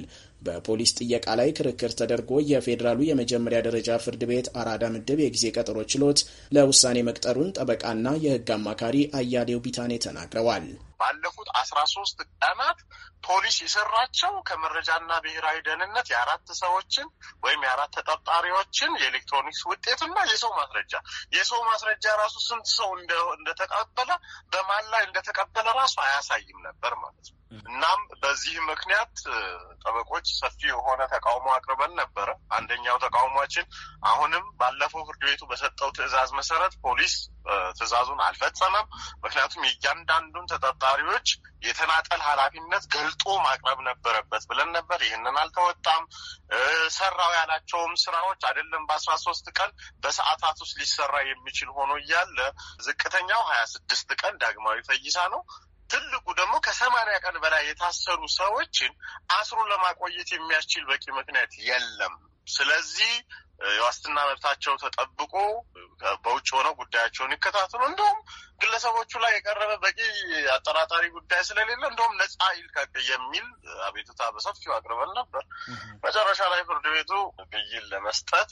በፖሊስ ጥየቃ ላይ ክርክር ተደርጎ የፌዴራሉ የመጀመሪያ ደረጃ ፍርድ ቤት አራዳ ምድብ የጊዜ ቀጠሮ ችሎት ለውሳኔ መቅጠሩን ጠበቃና የህግ አማካሪ አያሌው ቢታኔ ተናግረዋል። ባለፉት አስራ ሶስት ቀናት ፖሊስ የሰራቸው ከመረጃና ብሔራዊ ደህንነት የአራት ሰዎችን ወይም የአራት ተጠርጣሪዎችን የኤሌክትሮኒክስ ውጤትና የሰው ማስረጃ የሰው ማስረጃ ራሱ ስንት ሰው እንደተቀበለ በማን ላይ እንደተቀበለ ራሱ አያሳይም ነበር ማለት ነው። እናም በዚህ ምክንያት ጠበቆች ሰፊ የሆነ ተቃውሞ አቅርበን ነበረ። አንደኛው ተቃውሟችን አሁንም ባለፈው ፍርድ ቤቱ በሰጠው ትዕዛዝ መሰረት ፖሊስ ትዕዛዙን አልፈጸመም። ምክንያቱም የእያንዳንዱን ተጠርጣሪዎች የተናጠል ኃላፊነት ገልጦ ማቅረብ ነበረበት ብለን ነበር። ይህንን አልተወጣም። ሰራው ያላቸውም ስራዎች አይደለም በአስራ ሶስት ቀን በሰዓታት ውስጥ ሊሰራ የሚችል ሆኖ እያለ ዝቅተኛው ሀያ ስድስት ቀን ዳግማዊ ፈይሳ ነው። ትልቁ ደግሞ ከሰማንያ ቀን በላይ የታሰሩ ሰዎችን አስሮ ለማቆየት የሚያስችል በቂ ምክንያት የለም። ስለዚህ የዋስትና መብታቸው ተጠብቆ በውጭ ሆነው ጉዳያቸውን ይከታተሉ። እንደውም ግለሰቦቹ ላይ የቀረበ በቂ አጠራጣሪ ጉዳይ ስለሌለ እንደውም ነጻ ይልቀቅ የሚል አቤቱታ በሰፊው አቅርበን ነበር። መጨረሻ ላይ ፍርድ ቤቱ ብይን ለመስጠት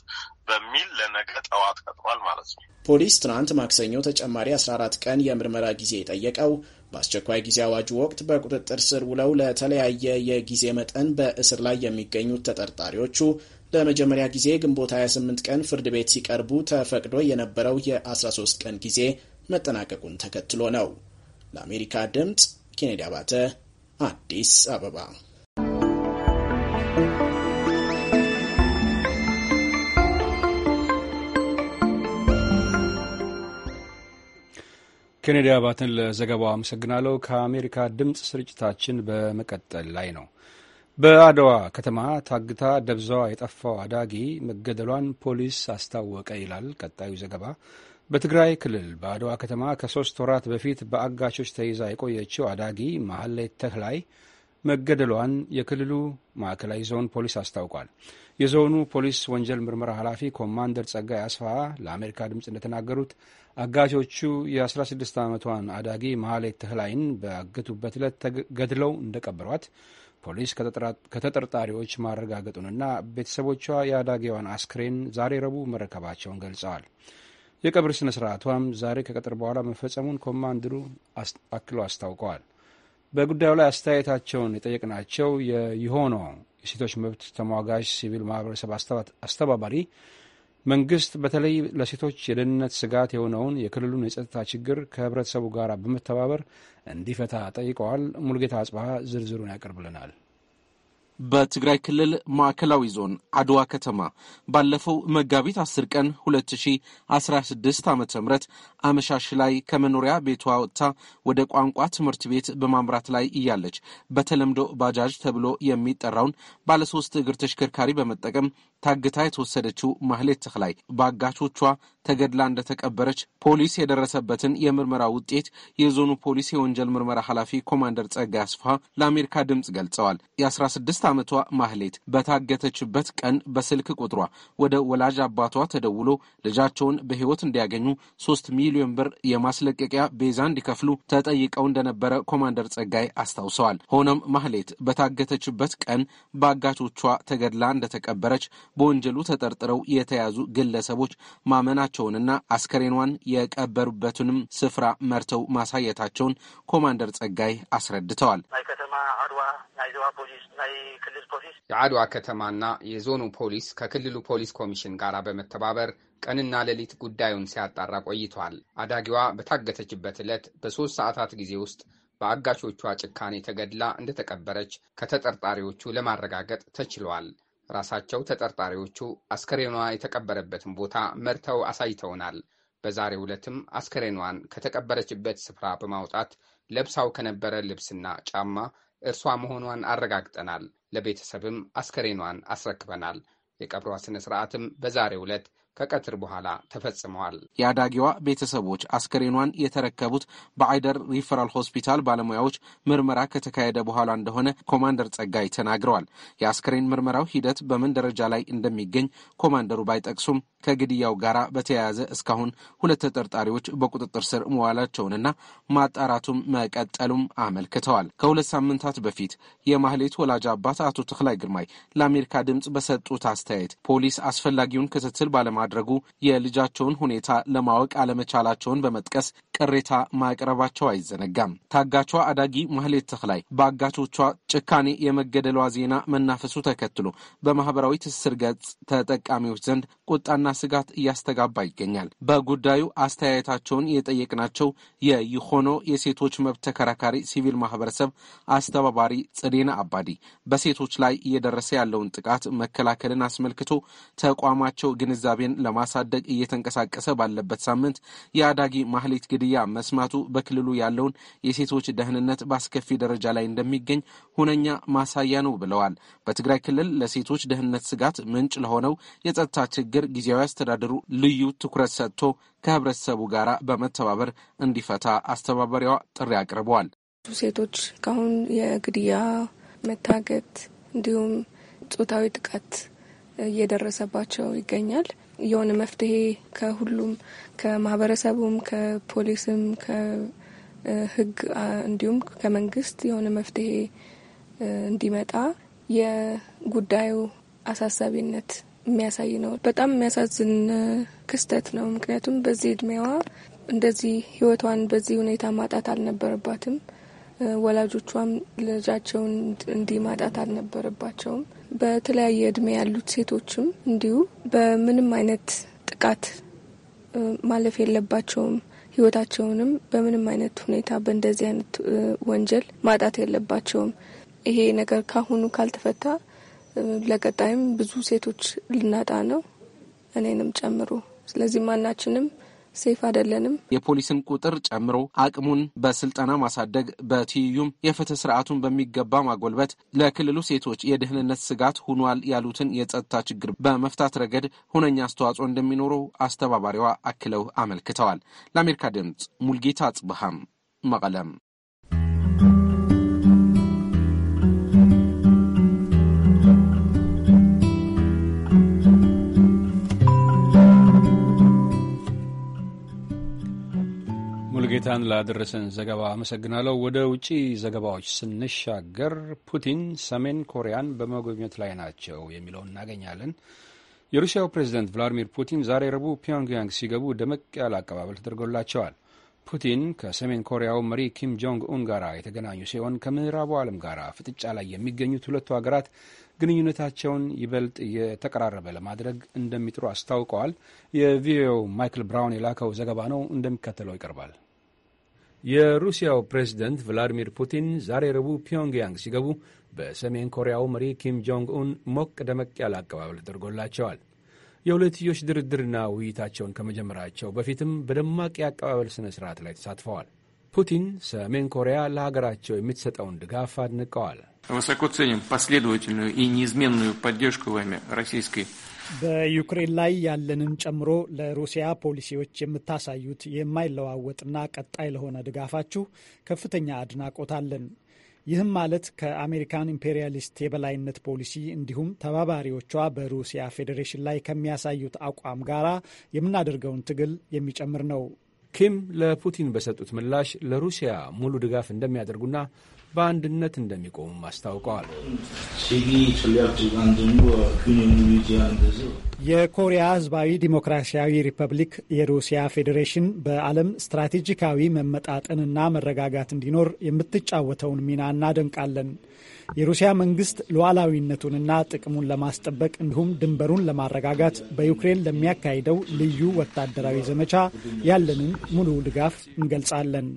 በሚል ለነገ ጠዋት ቀጥሯል ማለት ነው። ፖሊስ ትናንት ማክሰኞ ተጨማሪ አስራ አራት ቀን የምርመራ ጊዜ የጠየቀው በአስቸኳይ ጊዜ አዋጁ ወቅት በቁጥጥር ስር ውለው ለተለያየ የጊዜ መጠን በእስር ላይ የሚገኙት ተጠርጣሪዎቹ ለመጀመሪያ ጊዜ ግንቦት 28 ቀን ፍርድ ቤት ሲቀርቡ ተፈቅዶ የነበረው የ13 ቀን ጊዜ መጠናቀቁን ተከትሎ ነው። ለአሜሪካ ድምፅ ኬኔዲ አባተ አዲስ አበባ። ኬኔዲ አባትን ለዘገባው አመሰግናለሁ። ከአሜሪካ ድምፅ ስርጭታችን በመቀጠል ላይ ነው። በአድዋ ከተማ ታግታ ደብዛዋ የጠፋው አዳጊ መገደሏን ፖሊስ አስታወቀ ይላል ቀጣዩ ዘገባ። በትግራይ ክልል በአድዋ ከተማ ከሶስት ወራት በፊት በአጋቾች ተይዛ የቆየችው አዳጊ መሐሌት ተክላይ መገደሏን የክልሉ ማዕከላዊ ዞን ፖሊስ አስታውቋል። የዞኑ ፖሊስ ወንጀል ምርመራ ኃላፊ ኮማንደር ጸጋይ አስፋ ለአሜሪካ ድምፅ እንደተናገሩት አጋቾቹ የ16 ዓመቷን አዳጊ መሐሌት ተህላይን በአገቱበት ዕለት ገድለው እንደቀበሯት ፖሊስ ከተጠርጣሪዎች ማረጋገጡንና ቤተሰቦቿ የአዳጊዋን አስክሬን ዛሬ ረቡዕ መረከባቸውን ገልጸዋል። የቀብር ስነ ስርዓቷም ዛሬ ከቀጥር በኋላ መፈጸሙን ኮማንድሩ አክሎ አስታውቀዋል። በጉዳዩ ላይ አስተያየታቸውን የጠየቅናቸው የይሆኖ የሴቶች መብት ተሟጋጅ ሲቪል ማህበረሰብ አስተባባሪ መንግስት በተለይ ለሴቶች የደህንነት ስጋት የሆነውን የክልሉን የጸጥታ ችግር ከህብረተሰቡ ጋር በመተባበር እንዲፈታ ጠይቀዋል። ሙልጌታ አጽባሀ ዝርዝሩን ያቀርብልናል። በትግራይ ክልል ማዕከላዊ ዞን አድዋ ከተማ ባለፈው መጋቢት 10 ቀን 2016 ዓ ም አመሻሽ ላይ ከመኖሪያ ቤቷ ወጥታ ወደ ቋንቋ ትምህርት ቤት በማምራት ላይ እያለች በተለምዶ ባጃጅ ተብሎ የሚጠራውን ባለሶስት እግር ተሽከርካሪ በመጠቀም ታግታ የተወሰደችው ማህሌት ተክላይ በአጋቾቿ ተገድላ እንደተቀበረች ፖሊስ የደረሰበትን የምርመራ ውጤት የዞኑ ፖሊስ የወንጀል ምርመራ ኃላፊ ኮማንደር ጸጋይ አስፋ ለአሜሪካ ድምፅ ገልጸዋል። የ16 ዓመቷ ማህሌት በታገተችበት ቀን በስልክ ቁጥሯ ወደ ወላጅ አባቷ ተደውሎ ልጃቸውን በሕይወት እንዲያገኙ ሶስት ሚሊዮን ብር የማስለቀቂያ ቤዛ እንዲከፍሉ ተጠይቀው እንደነበረ ኮማንደር ጸጋይ አስታውሰዋል። ሆኖም ማህሌት በታገተችበት ቀን በአጋቾቿ ተገድላ እንደተቀበረች በወንጀሉ ተጠርጥረው የተያዙ ግለሰቦች ማመናቸውንና አስከሬኗን የቀበሩበትንም ስፍራ መርተው ማሳየታቸውን ኮማንደር ጸጋይ አስረድተዋል። የአድዋ ከተማና የዞኑ ፖሊስ ከክልሉ ፖሊስ ኮሚሽን ጋር በመተባበር ቀንና ሌሊት ጉዳዩን ሲያጣራ ቆይቷል። አዳጊዋ በታገተችበት ዕለት በሦስት ሰዓታት ጊዜ ውስጥ በአጋቾቿ ጭካኔ ተገድላ እንደተቀበረች ከተጠርጣሪዎቹ ለማረጋገጥ ተችሏል። ራሳቸው ተጠርጣሪዎቹ አስከሬኗ የተቀበረበትን ቦታ መርተው አሳይተውናል። በዛሬው ዕለትም አስከሬኗን ከተቀበረችበት ስፍራ በማውጣት ለብሳው ከነበረ ልብስና ጫማ እርሷ መሆኗን አረጋግጠናል። ለቤተሰብም አስከሬኗን አስረክበናል። የቀብሯ ስነ ስርዓትም በዛሬው ዕለት ከቀትር በኋላ ተፈጽመዋል። የአዳጊዋ ቤተሰቦች አስከሬኗን የተረከቡት በአይደር ሪፈራል ሆስፒታል ባለሙያዎች ምርመራ ከተካሄደ በኋላ እንደሆነ ኮማንደር ጸጋይ ተናግረዋል። የአስከሬን ምርመራው ሂደት በምን ደረጃ ላይ እንደሚገኝ ኮማንደሩ ባይጠቅሱም ከግድያው ጋር በተያያዘ እስካሁን ሁለት ተጠርጣሪዎች በቁጥጥር ስር መዋላቸውንና ማጣራቱም መቀጠሉም አመልክተዋል። ከሁለት ሳምንታት በፊት የማህሌት ወላጅ አባት አቶ ተክላይ ግርማይ ለአሜሪካ ድምፅ በሰጡት አስተያየት ፖሊስ አስፈላጊውን ክትትል ባለማ በማድረጉ የልጃቸውን ሁኔታ ለማወቅ አለመቻላቸውን በመጥቀስ ቅሬታ ማቅረባቸው አይዘነጋም። ታጋቿ አዳጊ ማህሌት ተክላይ በአጋቾቿ ጭካኔ የመገደሏ ዜና መናፈሱ ተከትሎ በማህበራዊ ትስስር ገጽ ተጠቃሚዎች ዘንድ ቁጣና ስጋት እያስተጋባ ይገኛል። በጉዳዩ አስተያየታቸውን የጠየቅናቸው የይሆኖ የሴቶች መብት ተከራካሪ ሲቪል ማህበረሰብ አስተባባሪ ጽዴና አባዲ በሴቶች ላይ እየደረሰ ያለውን ጥቃት መከላከልን አስመልክቶ ተቋማቸው ግንዛቤን ለማሳደግ እየተንቀሳቀሰ ባለበት ሳምንት የአዳጊ ማህሌት ግድያ መስማቱ በክልሉ ያለውን የሴቶች ደህንነት በአስከፊ ደረጃ ላይ እንደሚገኝ ሁነኛ ማሳያ ነው ብለዋል። በትግራይ ክልል ለሴቶች ደህንነት ስጋት ምንጭ ለሆነው የጸጥታ ችግር ጊዜያዊ አስተዳደሩ ልዩ ትኩረት ሰጥቶ ከህብረተሰቡ ጋር በመተባበር እንዲፈታ አስተባበሪዋ ጥሪ አቅርበዋል። ሴቶች ካሁን የግድያ መታገት፣ እንዲሁም ጾታዊ ጥቃት እየደረሰባቸው ይገኛል። የሆነ መፍትሄ ከሁሉም ከማህበረሰቡም፣ ከፖሊስም፣ ከህግ እንዲሁም ከመንግስት የሆነ መፍትሄ እንዲመጣ የጉዳዩ አሳሳቢነት የሚያሳይ ነው። በጣም የሚያሳዝን ክስተት ነው። ምክንያቱም በዚህ እድሜዋ እንደዚህ ህይወቷን በዚህ ሁኔታ ማጣት አልነበረባትም። ወላጆቿም ልጃቸውን እንዲህ ማጣት አልነበረባቸውም። በተለያየ እድሜ ያሉት ሴቶችም እንዲሁ በምንም አይነት ጥቃት ማለፍ የለባቸውም። ህይወታቸውንም በምንም አይነት ሁኔታ በእንደዚህ አይነት ወንጀል ማጣት የለባቸውም። ይሄ ነገር ካሁኑ ካልተፈታ ለቀጣይም ብዙ ሴቶች ልናጣ ነው፣ እኔንም ጨምሮ። ስለዚህ ማናችንም ሴፍ አይደለንም። የፖሊስን ቁጥር ጨምሮ አቅሙን በስልጠና ማሳደግ፣ በትይዩም የፍትህ ስርዓቱን በሚገባ ማጎልበት ለክልሉ ሴቶች የደህንነት ስጋት ሆኗል ያሉትን የጸጥታ ችግር በመፍታት ረገድ ሁነኛ አስተዋጽኦ እንደሚኖሩ አስተባባሪዋ አክለው አመልክተዋል። ለአሜሪካ ድምፅ ሙልጌታ አጽብሃም መቀለም ሙልጌታን ላደረሰን ዘገባ አመሰግናለሁ። ወደ ውጪ ዘገባዎች ስንሻገር ፑቲን ሰሜን ኮሪያን በመጎብኘት ላይ ናቸው የሚለውን እናገኛለን። የሩሲያው ፕሬዝደንት ቭላዲሚር ፑቲን ዛሬ ረቡዕ ፒዮንግያንግ ሲገቡ ደመቅ ያለ አቀባበል ተደርጎላቸዋል። ፑቲን ከሰሜን ኮሪያው መሪ ኪም ጆንግ ኡን ጋር የተገናኙ ሲሆን ከምዕራቡ ዓለም ጋር ፍጥጫ ላይ የሚገኙት ሁለቱ ሀገራት ግንኙነታቸውን ይበልጥ የተቀራረበ ለማድረግ እንደሚጥሩ አስታውቀዋል። የቪኦኤው ማይክል ብራውን የላከው ዘገባ ነው፣ እንደሚከተለው ይቀርባል። የሩሲያው ፕሬዝደንት ቭላዲሚር ፑቲን ዛሬ ረቡዕ ፒዮንግያንግ ሲገቡ በሰሜን ኮሪያው መሪ ኪም ጆንግ ኡን ሞቅ ደመቅ ያለ አቀባበል ተደርጎላቸዋል። የሁለትዮሽ ድርድርና ውይይታቸውን ከመጀመራቸው በፊትም በደማቅ የአቀባበል ሥነ ሥርዓት ላይ ተሳትፈዋል። ፑቲን ሰሜን ኮሪያ ለሀገራቸው የምትሰጠውን ድጋፍ አድንቀዋል። በዩክሬን ላይ ያለንን ጨምሮ ለሩሲያ ፖሊሲዎች የምታሳዩት የማይለዋወጥና ቀጣይ ለሆነ ድጋፋችሁ ከፍተኛ አድናቆት አለን። ይህም ማለት ከአሜሪካን ኢምፔሪያሊስት የበላይነት ፖሊሲ እንዲሁም ተባባሪዎቿ በሩሲያ ፌዴሬሽን ላይ ከሚያሳዩት አቋም ጋራ የምናደርገውን ትግል የሚጨምር ነው። ኪም ለፑቲን በሰጡት ምላሽ ለሩሲያ ሙሉ ድጋፍ እንደሚያደርጉና በአንድነት እንደሚቆሙም አስታውቀዋል። የኮሪያ ህዝባዊ ዲሞክራሲያዊ ሪፐብሊክ የሩሲያ ፌዴሬሽን በዓለም ስትራቴጂካዊ መመጣጠንና መረጋጋት እንዲኖር የምትጫወተውን ሚና እናደንቃለን። የሩሲያ መንግስት ሉዓላዊነቱንና ጥቅሙን ለማስጠበቅ እንዲሁም ድንበሩን ለማረጋጋት በዩክሬን ለሚያካሂደው ልዩ ወታደራዊ ዘመቻ ያለንን ሙሉ ድጋፍ እንገልጻለን።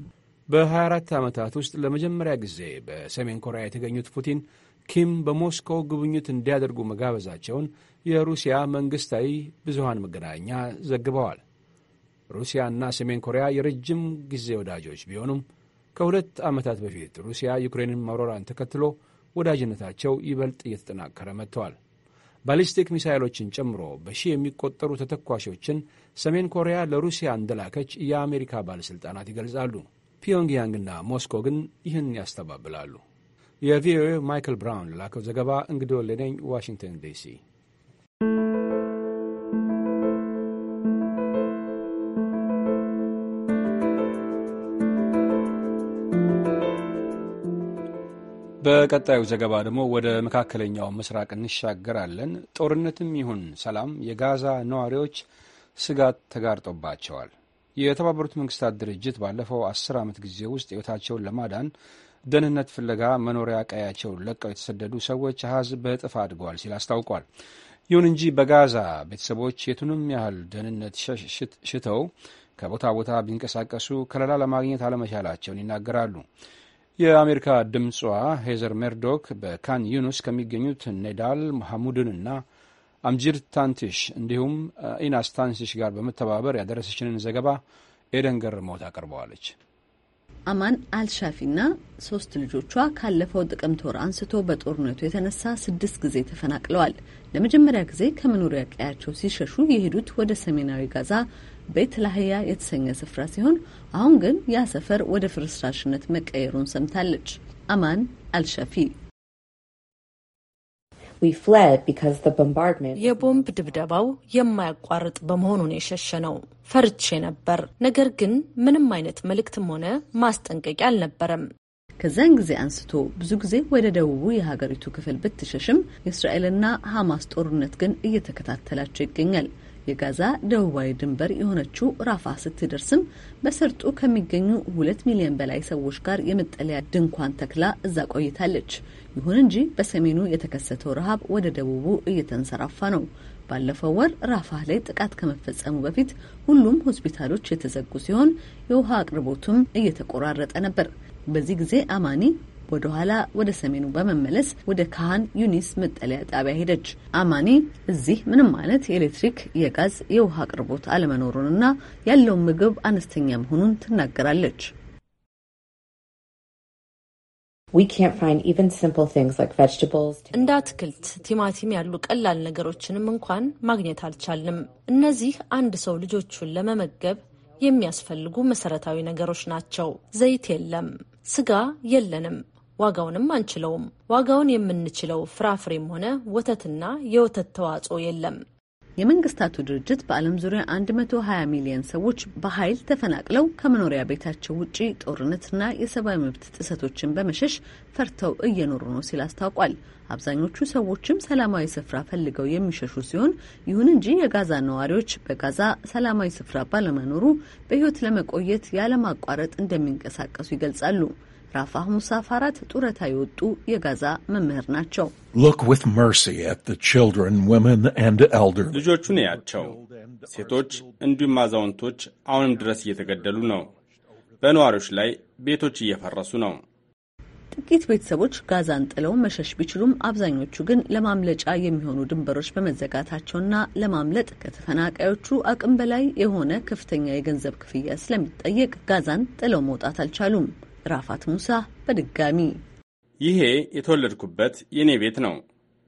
በ24 ዓመታት ውስጥ ለመጀመሪያ ጊዜ በሰሜን ኮሪያ የተገኙት ፑቲን ኪም በሞስኮ ጉብኝት እንዲያደርጉ መጋበዛቸውን የሩሲያ መንግሥታዊ ብዙሃን መገናኛ ዘግበዋል። ሩሲያና ሰሜን ኮሪያ የረጅም ጊዜ ወዳጆች ቢሆኑም ከሁለት ዓመታት በፊት ሩሲያ ዩክሬንን መውረሯን ተከትሎ ወዳጅነታቸው ይበልጥ እየተጠናከረ መጥተዋል። ባሊስቲክ ሚሳይሎችን ጨምሮ በሺህ የሚቆጠሩ ተተኳሾችን ሰሜን ኮሪያ ለሩሲያ እንደላከች የአሜሪካ ባለሥልጣናት ይገልጻሉ። ፒዮንግያንግና ሞስኮ ግን ይህን ያስተባብላሉ። የቪኦኤ ማይክል ብራውን ላከው ዘገባ እንግዲህ ወለነኝ ዋሽንግተን ዲሲ። በቀጣዩ ዘገባ ደግሞ ወደ መካከለኛው ምስራቅ እንሻገራለን። ጦርነትም ይሁን ሰላም የጋዛ ነዋሪዎች ስጋት ተጋርጦባቸዋል። የተባበሩት መንግስታት ድርጅት ባለፈው አስር ዓመት ጊዜ ውስጥ ሕይወታቸውን ለማዳን ደህንነት ፍለጋ መኖሪያ ቀያቸውን ለቀው የተሰደዱ ሰዎች አሃዝ በእጥፍ አድገዋል ሲል አስታውቋል። ይሁን እንጂ በጋዛ ቤተሰቦች የቱንም ያህል ደህንነት ሽተው ከቦታ ቦታ ቢንቀሳቀሱ ከለላ ለማግኘት አለመቻላቸውን ይናገራሉ። የአሜሪካ ድምጿ ሄዘር ሜርዶክ በካን ዩኑስ ከሚገኙት ኔዳል መሐሙድንና አምጂር ታንቲሽ እንዲሁም ኢናስ ታንቲሽ ጋር በመተባበር ያደረሰችንን ዘገባ ኤደን ገርመው ታቀርበዋለች። አማን አልሻፊና ሶስት ልጆቿ ካለፈው ጥቅምት ወር አንስቶ በጦርነቱ የተነሳ ስድስት ጊዜ ተፈናቅለዋል። ለመጀመሪያ ጊዜ ከመኖሪያ ቀያቸው ሲሸሹ የሄዱት ወደ ሰሜናዊ ጋዛ ቤት ላህያ የተሰኘ ስፍራ ሲሆን አሁን ግን ያ ሰፈር ወደ ፍርስራሽነት መቀየሩን ሰምታለች። አማን አልሻፊ የቦምብ ድብደባው የማያቋርጥ የሸሸ ነው ፈርቼ ነበር፣ ነገር ግን ምንም አይነት መልእክትም ሆነ ማስጠንቀቂያ አልነበረም። ከዚያን ጊዜ አንስቶ ብዙ ጊዜ ወደ ደቡቡ የሀገሪቱ ክፍል ብትሸሽም የእስራኤልና ሐማስ ጦርነት ግን እየተከታተላቸው ይገኛል። የጋዛ ደቡባዊ ድንበር የሆነችው ራፋ ስትደርስም በሰርጡ ከሚገኙ ሁለት ሚሊዮን በላይ ሰዎች ጋር የመጠለያ ድንኳን ተክላ እዛ ቆይታለች። ይሁን እንጂ በሰሜኑ የተከሰተው ረሃብ ወደ ደቡቡ እየተንሰራፋ ነው። ባለፈው ወር ራፋህ ላይ ጥቃት ከመፈጸሙ በፊት ሁሉም ሆስፒታሎች የተዘጉ ሲሆን የውሃ አቅርቦቱም እየተቆራረጠ ነበር። በዚህ ጊዜ አማኒ ወደ ኋላ ወደ ሰሜኑ በመመለስ ወደ ካህን ዩኒስ መጠለያ ጣቢያ ሄደች። አማኒ እዚህ ምንም አይነት የኤሌክትሪክ፣ የጋዝ፣ የውሃ አቅርቦት አለመኖሩንና ያለውን ምግብ አነስተኛ መሆኑን ትናገራለች። እንደ አትክልት፣ ቲማቲም ያሉ ቀላል ነገሮችንም እንኳን ማግኘት አልቻልም። እነዚህ አንድ ሰው ልጆቹን ለመመገብ የሚያስፈልጉ መሰረታዊ ነገሮች ናቸው። ዘይት የለም፣ ስጋ የለንም፣ ዋጋውንም አንችለውም። ዋጋውን የምንችለው ፍራፍሬም ሆነ ወተትና የወተት ተዋጽኦ የለም። የመንግስታቱ ድርጅት በዓለም ዙሪያ 120 ሚሊዮን ሰዎች በኃይል ተፈናቅለው ከመኖሪያ ቤታቸው ውጪ ጦርነትና የሰብአዊ መብት ጥሰቶችን በመሸሽ ፈርተው እየኖሩ ነው ሲል አስታውቋል። አብዛኞቹ ሰዎችም ሰላማዊ ስፍራ ፈልገው የሚሸሹ ሲሆን፣ ይሁን እንጂ የጋዛ ነዋሪዎች በጋዛ ሰላማዊ ስፍራ ባለመኖሩ በሕይወት ለመቆየት ያለማቋረጥ እንደሚንቀሳቀሱ ይገልጻሉ። ራፋህ ሙሳፋራት ጡረታ የወጡ የጋዛ መምህር ናቸው። ልጆቹን ያቸው ሴቶች እንዲሁም አዛውንቶች አሁንም ድረስ እየተገደሉ ነው። በነዋሪዎች ላይ ቤቶች እየፈረሱ ነው። ጥቂት ቤተሰቦች ጋዛን ጥለው መሸሽ ቢችሉም አብዛኞቹ ግን ለማምለጫ የሚሆኑ ድንበሮች በመዘጋታቸውና ለማምለጥ ከተፈናቃዮቹ አቅም በላይ የሆነ ከፍተኛ የገንዘብ ክፍያ ስለሚጠየቅ ጋዛን ጥለው መውጣት አልቻሉም። ራፋት ሙሳ በድጋሚ ይሄ የተወለድኩበት የእኔ ቤት ነው።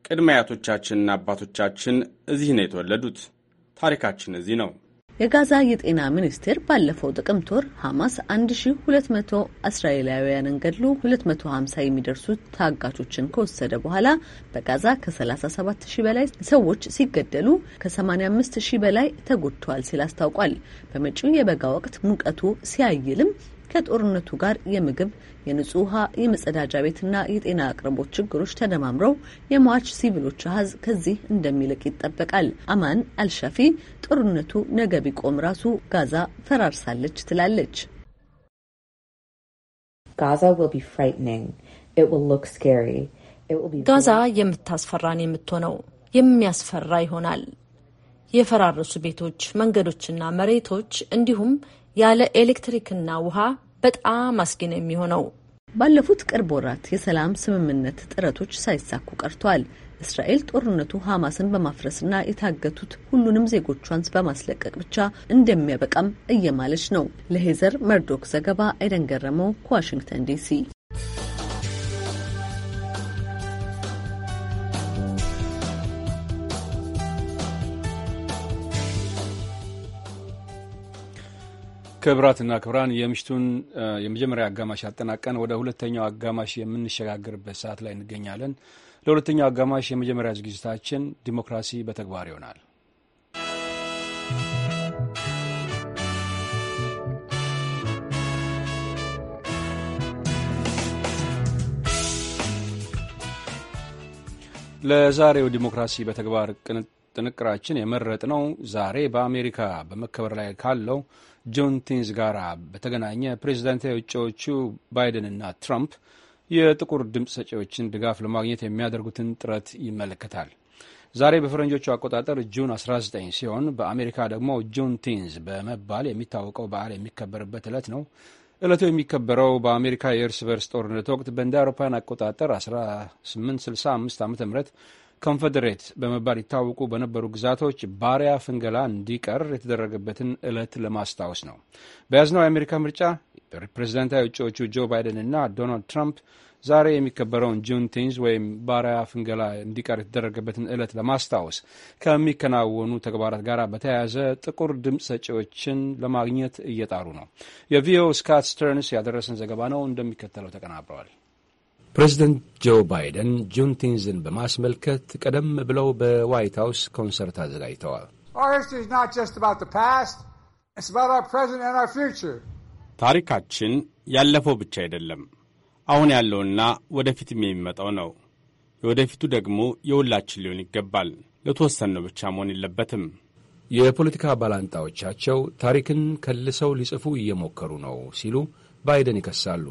ቅድመ አያቶቻችንና አባቶቻችን እዚህ ነው የተወለዱት። ታሪካችን እዚህ ነው። የጋዛ የጤና ሚኒስቴር ባለፈው ጥቅምት ወር ሐማስ 1200 እስራኤላውያንን ገድሎ 250 የሚደርሱ ታጋቾችን ከወሰደ በኋላ በጋዛ ከ37 ሺህ በላይ ሰዎች ሲገደሉ ከ85 ሺህ በላይ ተጎድተዋል ሲል አስታውቋል። በመጪው የበጋ ወቅት ሙቀቱ ሲያይልም ከጦርነቱ ጋር የምግብ፣ የንጹህ ውሃ፣ የመጸዳጃ ቤትና የጤና አቅርቦት ችግሮች ተደማምረው የሟች ሲቪሎች አሀዝ ከዚህ እንደሚልቅ ይጠበቃል። አማን አልሻፊ ጦርነቱ ነገ ቢቆም ራሱ ጋዛ ፈራርሳለች ትላለች። ጋዛ የምታስፈራን የምትሆነው የሚያስፈራ ይሆናል። የፈራረሱ ቤቶች፣ መንገዶችና መሬቶች እንዲሁም ያለ ኤሌክትሪክና ውሃ በጣም አስጊ ነው የሚሆነው። ባለፉት ቅርብ ወራት የሰላም ስምምነት ጥረቶች ሳይሳኩ ቀርቷል። እስራኤል ጦርነቱ ሐማስን በማፍረስና የታገቱት ሁሉንም ዜጎቿን በማስለቀቅ ብቻ እንደሚያበቃም እየማለች ነው። ለሄዘር መርዶክ ዘገባ ኤደን ገረመው ከዋሽንግተን ዲሲ ክብራትና ክብራን የምሽቱን የመጀመሪያ አጋማሽ አጠናቀን ወደ ሁለተኛው አጋማሽ የምንሸጋግርበት ሰዓት ላይ እንገኛለን። ለሁለተኛው አጋማሽ የመጀመሪያ ዝግጅታችን ዲሞክራሲ በተግባር ይሆናል። ለዛሬው ዲሞክራሲ በተግባር ጥንቅራችን የመረጥ ነው ዛሬ በአሜሪካ በመከበር ላይ ካለው ጆን ቲንስ ጋር በተገናኘ ፕሬዚዳንታዊ እጩዎቹ ባይደንና ትራምፕ የጥቁር ድምፅ ሰጪዎችን ድጋፍ ለማግኘት የሚያደርጉትን ጥረት ይመለከታል። ዛሬ በፈረንጆቹ አቆጣጠር ጁን 19 ሲሆን በአሜሪካ ደግሞ ጁን ቲንዝ በመባል የሚታወቀው በዓል የሚከበርበት ዕለት ነው። ዕለቱ የሚከበረው በአሜሪካ የእርስ በርስ ጦርነት ወቅት በእንደ አውሮፓውያን አቆጣጠር 1865 ዓ ም ኮንፌዴሬት በመባል ይታወቁ በነበሩ ግዛቶች ባሪያ ፍንገላ እንዲቀር የተደረገበትን ዕለት ለማስታወስ ነው። በያዝነው የአሜሪካ ምርጫ ፕሬዚዳንታዊ እጩዎቹ ጆ ባይደን እና ዶናልድ ትራምፕ ዛሬ የሚከበረውን ጁንቲንዝ ወይም ባሪያ ፍንገላ እንዲቀር የተደረገበትን ዕለት ለማስታወስ ከሚከናወኑ ተግባራት ጋር በተያያዘ ጥቁር ድምፅ ሰጪዎችን ለማግኘት እየጣሩ ነው። የቪኦ ስካት ስተርንስ ያደረሰን ዘገባ ነው፣ እንደሚከተለው ተቀናብረዋል። ፕሬዝደንት ጆ ባይደን ጁንቲንዝን በማስመልከት ቀደም ብለው በዋይት ሃውስ ኮንሰርት አዘጋጅተዋል። ታሪካችን ያለፈው ብቻ አይደለም፣ አሁን ያለውና ወደፊትም የሚመጣው ነው። የወደፊቱ ደግሞ የሁላችን ሊሆን ይገባል። ለተወሰነው ብቻ መሆን የለበትም። የፖለቲካ ባላንጣዎቻቸው ታሪክን ከልሰው ሊጽፉ እየሞከሩ ነው ሲሉ ባይደን ይከሳሉ።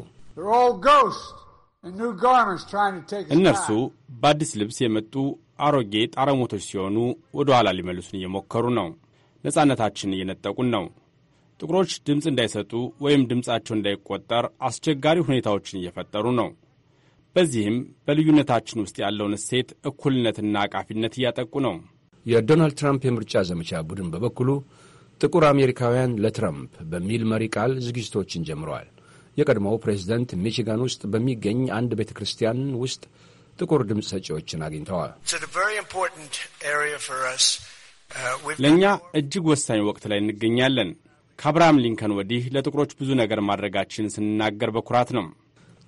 እነርሱ በአዲስ ልብስ የመጡ አሮጌ ጣረሞቶች ሲሆኑ ወደ ኋላ ሊመልሱን እየሞከሩ ነው። ነጻነታችንን እየነጠቁን ነው። ጥቁሮች ድምፅ እንዳይሰጡ ወይም ድምፃቸው እንዳይቆጠር አስቸጋሪ ሁኔታዎችን እየፈጠሩ ነው። በዚህም በልዩነታችን ውስጥ ያለውን እሴት እኩልነትና አቃፊነት እያጠቁ ነው። የዶናልድ ትራምፕ የምርጫ ዘመቻ ቡድን በበኩሉ ጥቁር አሜሪካውያን ለትራምፕ በሚል መሪ ቃል ዝግጅቶችን ጀምረዋል። የቀድሞው ፕሬዚደንት ሚቺጋን ውስጥ በሚገኝ አንድ ቤተ ክርስቲያን ውስጥ ጥቁር ድምፅ ሰጪዎችን አግኝተዋል። ለእኛ እጅግ ወሳኝ ወቅት ላይ እንገኛለን። ከአብርሃም ሊንከን ወዲህ ለጥቁሮች ብዙ ነገር ማድረጋችን ስንናገር በኩራት ነው።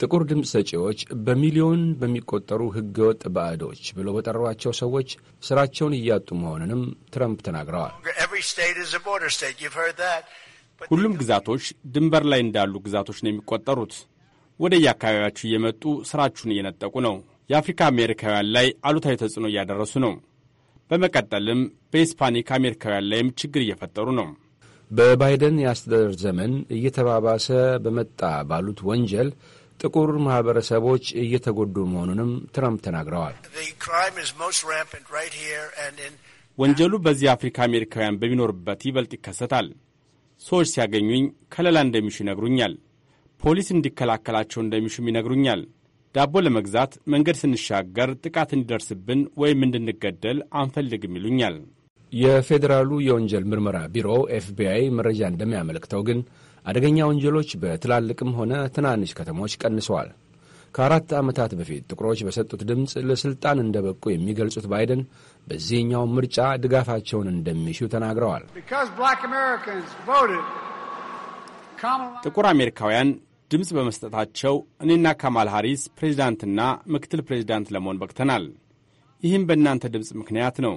ጥቁር ድምፅ ሰጪዎች በሚሊዮን በሚቆጠሩ ህገወጥ ባዕዶች ብለው በጠሯቸው ሰዎች ስራቸውን እያጡ መሆኑንም ትረምፕ ተናግረዋል። ሁሉም ግዛቶች ድንበር ላይ እንዳሉ ግዛቶች ነው የሚቆጠሩት። ወደ የአካባቢያችሁ እየመጡ ስራችሁን እየነጠቁ ነው። የአፍሪካ አሜሪካውያን ላይ አሉታዊ ተጽዕኖ እያደረሱ ነው። በመቀጠልም በሂስፓኒክ አሜሪካውያን ላይም ችግር እየፈጠሩ ነው። በባይደን የአስተዳደር ዘመን እየተባባሰ በመጣ ባሉት ወንጀል ጥቁር ማኅበረሰቦች እየተጎዱ መሆኑንም ትራምፕ ተናግረዋል። ወንጀሉ በዚህ አፍሪካ አሜሪካውያን በሚኖርበት ይበልጥ ይከሰታል። ሰዎች ሲያገኙኝ ከለላ እንደሚሹ ይነግሩኛል። ፖሊስ እንዲከላከላቸው እንደሚሹም ይነግሩኛል። ዳቦ ለመግዛት መንገድ ስንሻገር ጥቃት እንዲደርስብን ወይም እንድንገደል አንፈልግም ይሉኛል። የፌዴራሉ የወንጀል ምርመራ ቢሮ ኤፍቢአይ መረጃ እንደሚያመለክተው ግን አደገኛ ወንጀሎች በትላልቅም ሆነ ትናንሽ ከተሞች ቀንሰዋል። ከአራት ዓመታት በፊት ጥቁሮች በሰጡት ድምፅ ለሥልጣን እንደበቁ የሚገልጹት ባይደን በዚህኛው ምርጫ ድጋፋቸውን እንደሚሹ ተናግረዋል። ጥቁር አሜሪካውያን ድምፅ በመስጠታቸው እኔና ካማል ሃሪስ ፕሬዚዳንትና ምክትል ፕሬዚዳንት ለመሆን በቅተናል። ይህም በእናንተ ድምፅ ምክንያት ነው።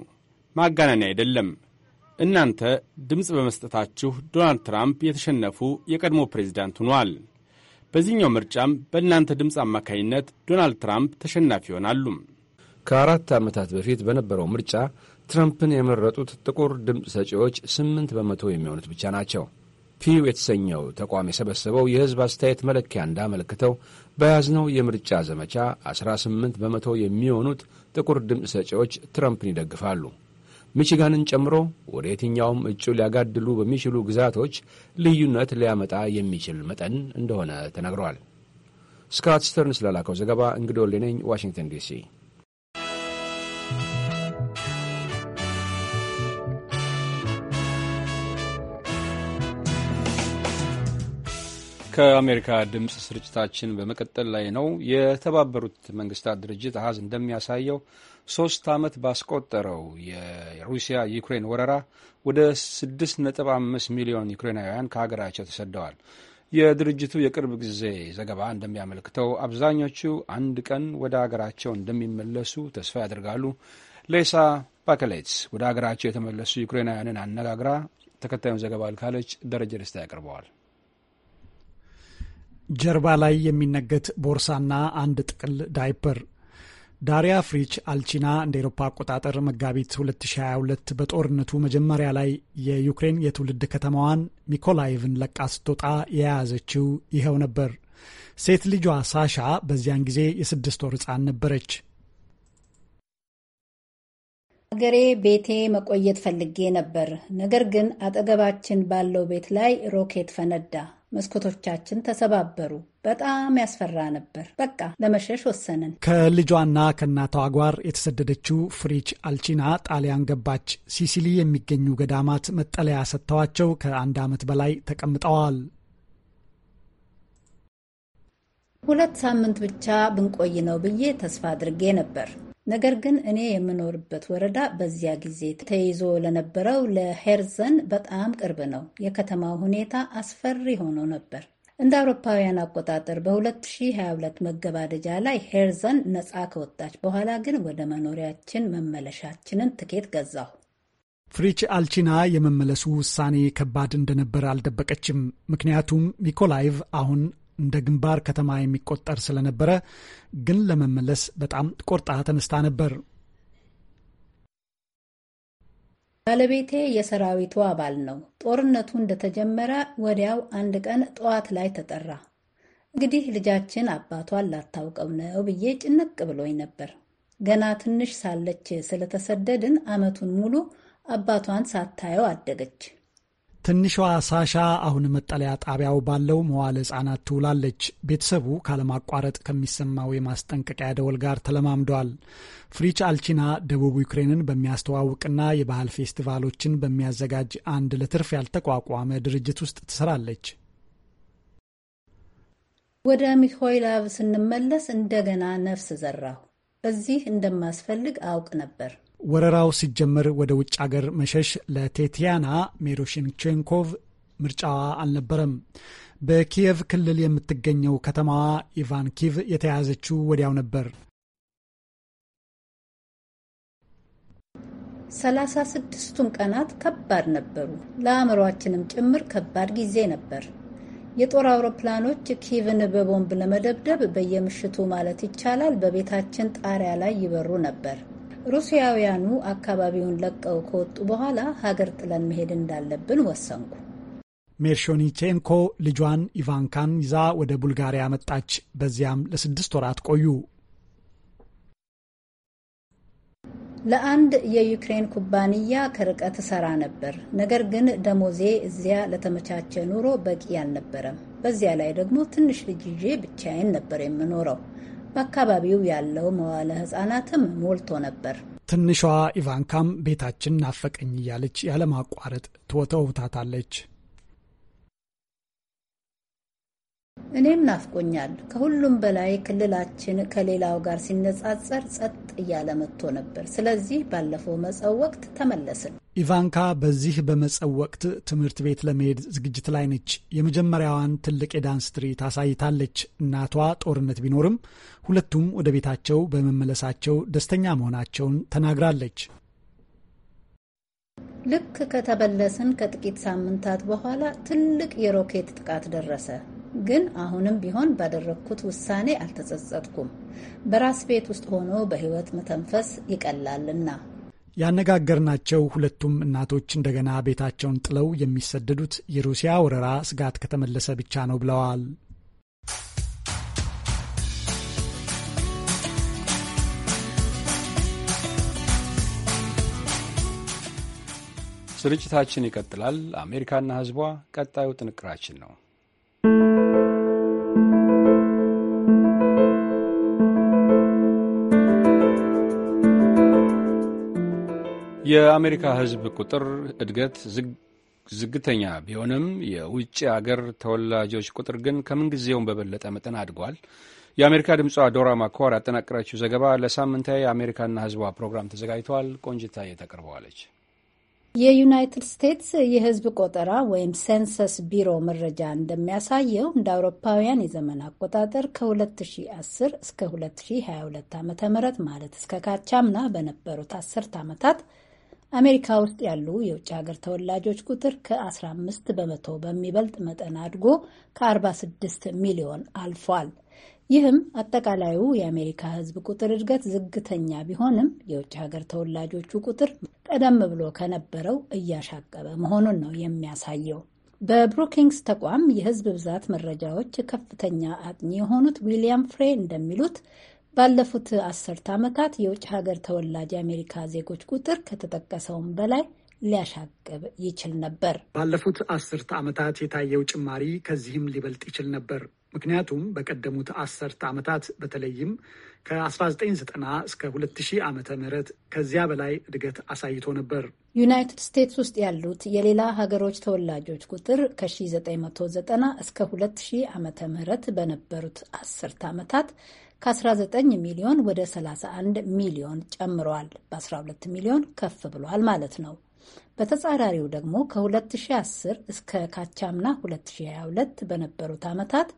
ማጋናኒ አይደለም። እናንተ ድምፅ በመስጠታችሁ ዶናልድ ትራምፕ የተሸነፉ የቀድሞ ፕሬዚዳንት ሆኗል። በዚህኛው ምርጫም በእናንተ ድምፅ አማካኝነት ዶናልድ ትራምፕ ተሸናፊ ይሆናሉ። ከአራት ዓመታት በፊት በነበረው ምርጫ ትራምፕን የመረጡት ጥቁር ድምፅ ሰጪዎች ስምንት በመቶ የሚሆኑት ብቻ ናቸው። ፒው የተሰኘው ተቋም የሰበሰበው የሕዝብ አስተያየት መለኪያ እንዳመለክተው በያዝነው የምርጫ ዘመቻ 18 በመቶ የሚሆኑት ጥቁር ድምፅ ሰጪዎች ትራምፕን ይደግፋሉ። ሚችጋንን ጨምሮ ወደ የትኛውም እጩ ሊያጋድሉ በሚችሉ ግዛቶች ልዩነት ሊያመጣ የሚችል መጠን እንደሆነ ተናግረዋል። ስካት ስተርንስ ላላከው ዘገባ እንግዶ ሌነኝ ዋሽንግተን ዲሲ ከአሜሪካ ድምፅ ስርጭታችን በመቀጠል ላይ ነው። የተባበሩት መንግስታት ድርጅት አሀዝ እንደሚያሳየው ሶስት ዓመት ባስቆጠረው የሩሲያ ዩክሬን ወረራ ወደ 6.5 ሚሊዮን ዩክሬናውያን ከሀገራቸው ተሰደዋል። የድርጅቱ የቅርብ ጊዜ ዘገባ እንደሚያመለክተው አብዛኞቹ አንድ ቀን ወደ ሀገራቸው እንደሚመለሱ ተስፋ ያደርጋሉ። ሌሳ ባከሌትስ ወደ ሀገራቸው የተመለሱ ዩክሬናውያንን አነጋግራ ተከታዩን ዘገባ ልካለች። ደረጀ ደስታ ያቀርበዋል። ጀርባ ላይ የሚነገት ቦርሳና አንድ ጥቅል ዳይፐር። ዳሪያ ፍሪች አልቺና እንደ ኤሮፓ አቆጣጠር መጋቢት 2022 በጦርነቱ መጀመሪያ ላይ የዩክሬን የትውልድ ከተማዋን ሚኮላይቭን ለቃ ስትወጣ የያዘችው ይኸው ነበር። ሴት ልጇ ሳሻ በዚያን ጊዜ የስድስት ወር ሕፃን ነበረች። አገሬ ቤቴ መቆየት ፈልጌ ነበር፣ ነገር ግን አጠገባችን ባለው ቤት ላይ ሮኬት ፈነዳ። መስኮቶቻችን ተሰባበሩ። በጣም ያስፈራ ነበር። በቃ ለመሸሽ ወሰንን። ከልጇና ከእናቷ ጓር የተሰደደችው ፍሪች አልቺና ጣሊያን ገባች። ሲሲሊ የሚገኙ ገዳማት መጠለያ ሰጥተዋቸው ከአንድ ዓመት በላይ ተቀምጠዋል። ሁለት ሳምንት ብቻ ብንቆይ ነው ብዬ ተስፋ አድርጌ ነበር። ነገር ግን እኔ የምኖርበት ወረዳ በዚያ ጊዜ ተይዞ ለነበረው ለሄርዘን በጣም ቅርብ ነው። የከተማው ሁኔታ አስፈሪ ሆኖ ነበር። እንደ አውሮፓውያን አቆጣጠር በ2022 መገባደጃ ላይ ሄርዘን ነፃ ከወጣች በኋላ ግን ወደ መኖሪያችን መመለሻችንን ትኬት ገዛሁ። ፍሪች አልቺና የመመለሱ ውሳኔ ከባድ እንደነበር አልደበቀችም። ምክንያቱም ሚኮላይቭ አሁን እንደ ግንባር ከተማ የሚቆጠር ስለነበረ ግን ለመመለስ በጣም ቆርጣ ተነስታ ነበር። ባለቤቴ የሰራዊቱ አባል ነው። ጦርነቱ እንደተጀመረ ወዲያው አንድ ቀን ጠዋት ላይ ተጠራ። እንግዲህ ልጃችን አባቷን ላታውቀው ነው ብዬ ጭንቅ ብሎኝ ነበር። ገና ትንሽ ሳለች ስለተሰደድን ዓመቱን ሙሉ አባቷን ሳታየው አደገች። ትንሿ ሳሻ አሁን መጠለያ ጣቢያው ባለው መዋለ ህጻናት ትውላለች። ቤተሰቡ ካለማቋረጥ ከሚሰማው የማስጠንቀቂያ ደወል ጋር ተለማምደዋል። ፍሪች አልቺና ደቡብ ዩክሬንን በሚያስተዋውቅና የባህል ፌስቲቫሎችን በሚያዘጋጅ አንድ ለትርፍ ያልተቋቋመ ድርጅት ውስጥ ትሰራለች። ወደ ሚኮይላቭ ስንመለስ እንደገና ነፍስ ዘራሁ። እዚህ እንደማስፈልግ አውቅ ነበር። ወረራው ሲጀመር ወደ ውጭ አገር መሸሽ ለቴቲያና ሜሮሽንቼንኮቭ ምርጫዋ አልነበረም። በኪየቭ ክልል የምትገኘው ከተማዋ ኢቫንኪቭ የተያዘችው ወዲያው ነበር። 36ቱም ቀናት ከባድ ነበሩ። ለአእምሯችንም ጭምር ከባድ ጊዜ ነበር። የጦር አውሮፕላኖች ኪቭን በቦምብ ለመደብደብ በየምሽቱ ማለት ይቻላል በቤታችን ጣሪያ ላይ ይበሩ ነበር። ሩሲያውያኑ አካባቢውን ለቀው ከወጡ በኋላ ሀገር ጥለን መሄድ እንዳለብን ወሰንኩ። ሜርሾኒቼንኮ ልጇን ኢቫንካን ይዛ ወደ ቡልጋሪያ መጣች። በዚያም ለስድስት ወራት ቆዩ። ለአንድ የዩክሬን ኩባንያ ከርቀት ሰራ ነበር። ነገር ግን ደሞዜ እዚያ ለተመቻቸ ኑሮ በቂ አልነበረም። በዚያ ላይ ደግሞ ትንሽ ልጅ ይዤ ብቻዬን ነበር የምኖረው። በአካባቢው ያለው መዋለ ህጻናትም ሞልቶ ነበር። ትንሿ ኢቫንካም ቤታችን ናፈቀኝ እያለች ያለማቋረጥ ትወተውታታለች። እኔም ናፍቆኛል። ከሁሉም በላይ ክልላችን ከሌላው ጋር ሲነጻጸር ጸጥ እያለ መጥቶ ነበር። ስለዚህ ባለፈው መጸው ወቅት ተመለስን። ኢቫንካ በዚህ በመጸው ወቅት ትምህርት ቤት ለመሄድ ዝግጅት ላይ ነች። የመጀመሪያዋን ትልቅ የዳንስ ትርኢት አሳይታለች። እናቷ ጦርነት ቢኖርም ሁለቱም ወደ ቤታቸው በመመለሳቸው ደስተኛ መሆናቸውን ተናግራለች። ልክ ከተመለስን ከጥቂት ሳምንታት በኋላ ትልቅ የሮኬት ጥቃት ደረሰ። ግን አሁንም ቢሆን ባደረግኩት ውሳኔ አልተጸጸጥኩም። በራስ ቤት ውስጥ ሆኖ በሕይወት መተንፈስ ይቀላልና። ያነጋገርናቸው ሁለቱም እናቶች እንደገና ቤታቸውን ጥለው የሚሰደዱት የሩሲያ ወረራ ስጋት ከተመለሰ ብቻ ነው ብለዋል። ስርጭታችን ይቀጥላል። አሜሪካና ሕዝቧ ቀጣዩ ጥንቅራችን ነው። የአሜሪካ ሕዝብ ቁጥር እድገት ዝግተኛ ቢሆንም የውጭ አገር ተወላጆች ቁጥር ግን ከምንጊዜውም በበለጠ መጠን አድጓል። የአሜሪካ ድምጿ ዶራ ማኳር ያጠናቀረችው ዘገባ ለሳምንታዊ የአሜሪካና ሕዝቧ ፕሮግራም ተዘጋጅተዋል። ቆንጅታ ታቀርበዋለች። የዩናይትድ ስቴትስ የሕዝብ ቆጠራ ወይም ሴንሰስ ቢሮ መረጃ እንደሚያሳየው እንደ አውሮፓውያን የዘመን አቆጣጠር ከ2010 እስከ 2022 ዓ ም ማለት እስከ ካቻምና በነበሩት አስርት ዓመታት አሜሪካ ውስጥ ያሉ የውጭ ሀገር ተወላጆች ቁጥር ከ15 በመቶ በሚበልጥ መጠን አድጎ ከ46 ሚሊዮን አልፏል። ይህም አጠቃላዩ የአሜሪካ ሕዝብ ቁጥር እድገት ዝግተኛ ቢሆንም የውጭ ሀገር ተወላጆቹ ቁጥር ቀደም ብሎ ከነበረው እያሻቀበ መሆኑን ነው የሚያሳየው። በብሩኪንግስ ተቋም የሕዝብ ብዛት መረጃዎች ከፍተኛ አጥኚ የሆኑት ዊሊያም ፍሬ እንደሚሉት ባለፉት አስርት ዓመታት የውጭ ሀገር ተወላጅ የአሜሪካ ዜጎች ቁጥር ከተጠቀሰውም በላይ ሊያሻቅብ ይችል ነበር። ባለፉት አስርተ ዓመታት የታየው ጭማሪ ከዚህም ሊበልጥ ይችል ነበር። ምክንያቱም በቀደሙት አስርተ ዓመታት በተለይም ከ1990 እስከ 2000 ዓ ም ከዚያ በላይ እድገት አሳይቶ ነበር። ዩናይትድ ስቴትስ ውስጥ ያሉት የሌላ ሀገሮች ተወላጆች ቁጥር ከ1990 እስከ 2000 ዓ ምህረት በነበሩት አስርተ ዓመታት ከ19 ሚሊዮን ወደ 31 ሚሊዮን ጨምረዋል። በ12 ሚሊዮን ከፍ ብሏል ማለት ነው። በተጻራሪው ደግሞ ከ2010 እስከ ካቻምና 2022 በነበሩት ዓመታት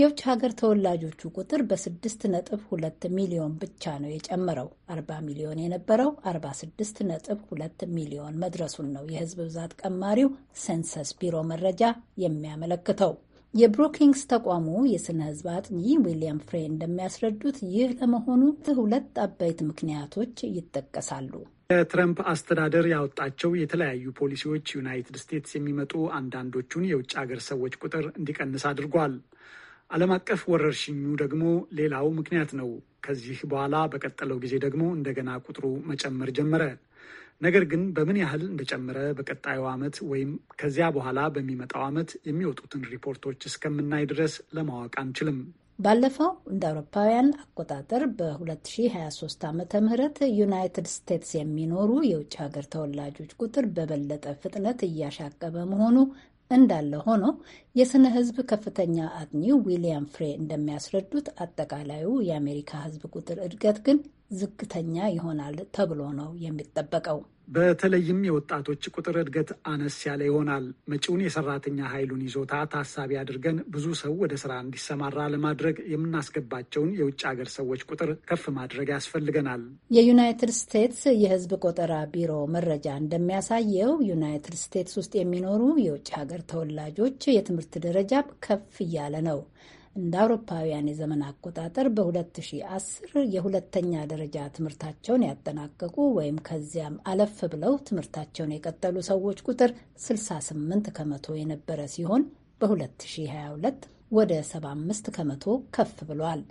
የውጭ ሀገር ተወላጆቹ ቁጥር በ6 ነጥብ 2 ሚሊዮን ብቻ ነው የጨመረው። 40 ሚሊዮን የነበረው 46 2 ሚሊዮን መድረሱን ነው የህዝብ ብዛት ቀማሪው ሴንሰስ ቢሮ መረጃ የሚያመለክተው። የብሩኪንግስ ተቋሙ የስነ ህዝብ አጥኚ ዊሊያም ፍሬ እንደሚያስረዱት ይህ ለመሆኑ ሁለት አበይት ምክንያቶች ይጠቀሳሉ። የትረምፕ አስተዳደር ያወጣቸው የተለያዩ ፖሊሲዎች ዩናይትድ ስቴትስ የሚመጡ አንዳንዶቹን የውጭ ሀገር ሰዎች ቁጥር እንዲቀንስ አድርጓል። ዓለም አቀፍ ወረርሽኙ ደግሞ ሌላው ምክንያት ነው። ከዚህ በኋላ በቀጠለው ጊዜ ደግሞ እንደገና ቁጥሩ መጨመር ጀመረ። ነገር ግን በምን ያህል እንደጨመረ በቀጣዩ ዓመት ወይም ከዚያ በኋላ በሚመጣው ዓመት የሚወጡትን ሪፖርቶች እስከምናይ ድረስ ለማወቅ አንችልም። ባለፈው እንደ አውሮፓውያን አቆጣጠር በ2023 ዓ ም ዩናይትድ ስቴትስ የሚኖሩ የውጭ ሀገር ተወላጆች ቁጥር በበለጠ ፍጥነት እያሻቀበ መሆኑ እንዳለ ሆኖ የስነ ህዝብ ከፍተኛ አጥኚው ዊሊያም ፍሬ እንደሚያስረዱት አጠቃላዩ የአሜሪካ ህዝብ ቁጥር እድገት ግን ዝቅተኛ ይሆናል ተብሎ ነው የሚጠበቀው። በተለይም የወጣቶች ቁጥር እድገት አነስ ያለ ይሆናል። መጪውን የሰራተኛ ኃይሉን ይዞታ ታሳቢ አድርገን ብዙ ሰው ወደ ስራ እንዲሰማራ ለማድረግ የምናስገባቸውን የውጭ ሀገር ሰዎች ቁጥር ከፍ ማድረግ ያስፈልገናል። የዩናይትድ ስቴትስ የሕዝብ ቆጠራ ቢሮ መረጃ እንደሚያሳየው ዩናይትድ ስቴትስ ውስጥ የሚኖሩ የውጭ ሀገር ተወላጆች የትምህርት ደረጃ ከፍ እያለ ነው። እንደ አውሮፓውያን የዘመን አቆጣጠር በ2010 የሁለተኛ ደረጃ ትምህርታቸውን ያጠናቀቁ ወይም ከዚያም አለፍ ብለው ትምህርታቸውን የቀጠሉ ሰዎች ቁጥር 68 ከመቶ የነበረ ሲሆን በ2022 ወደ 75 ከመቶ ከፍ ብሏል።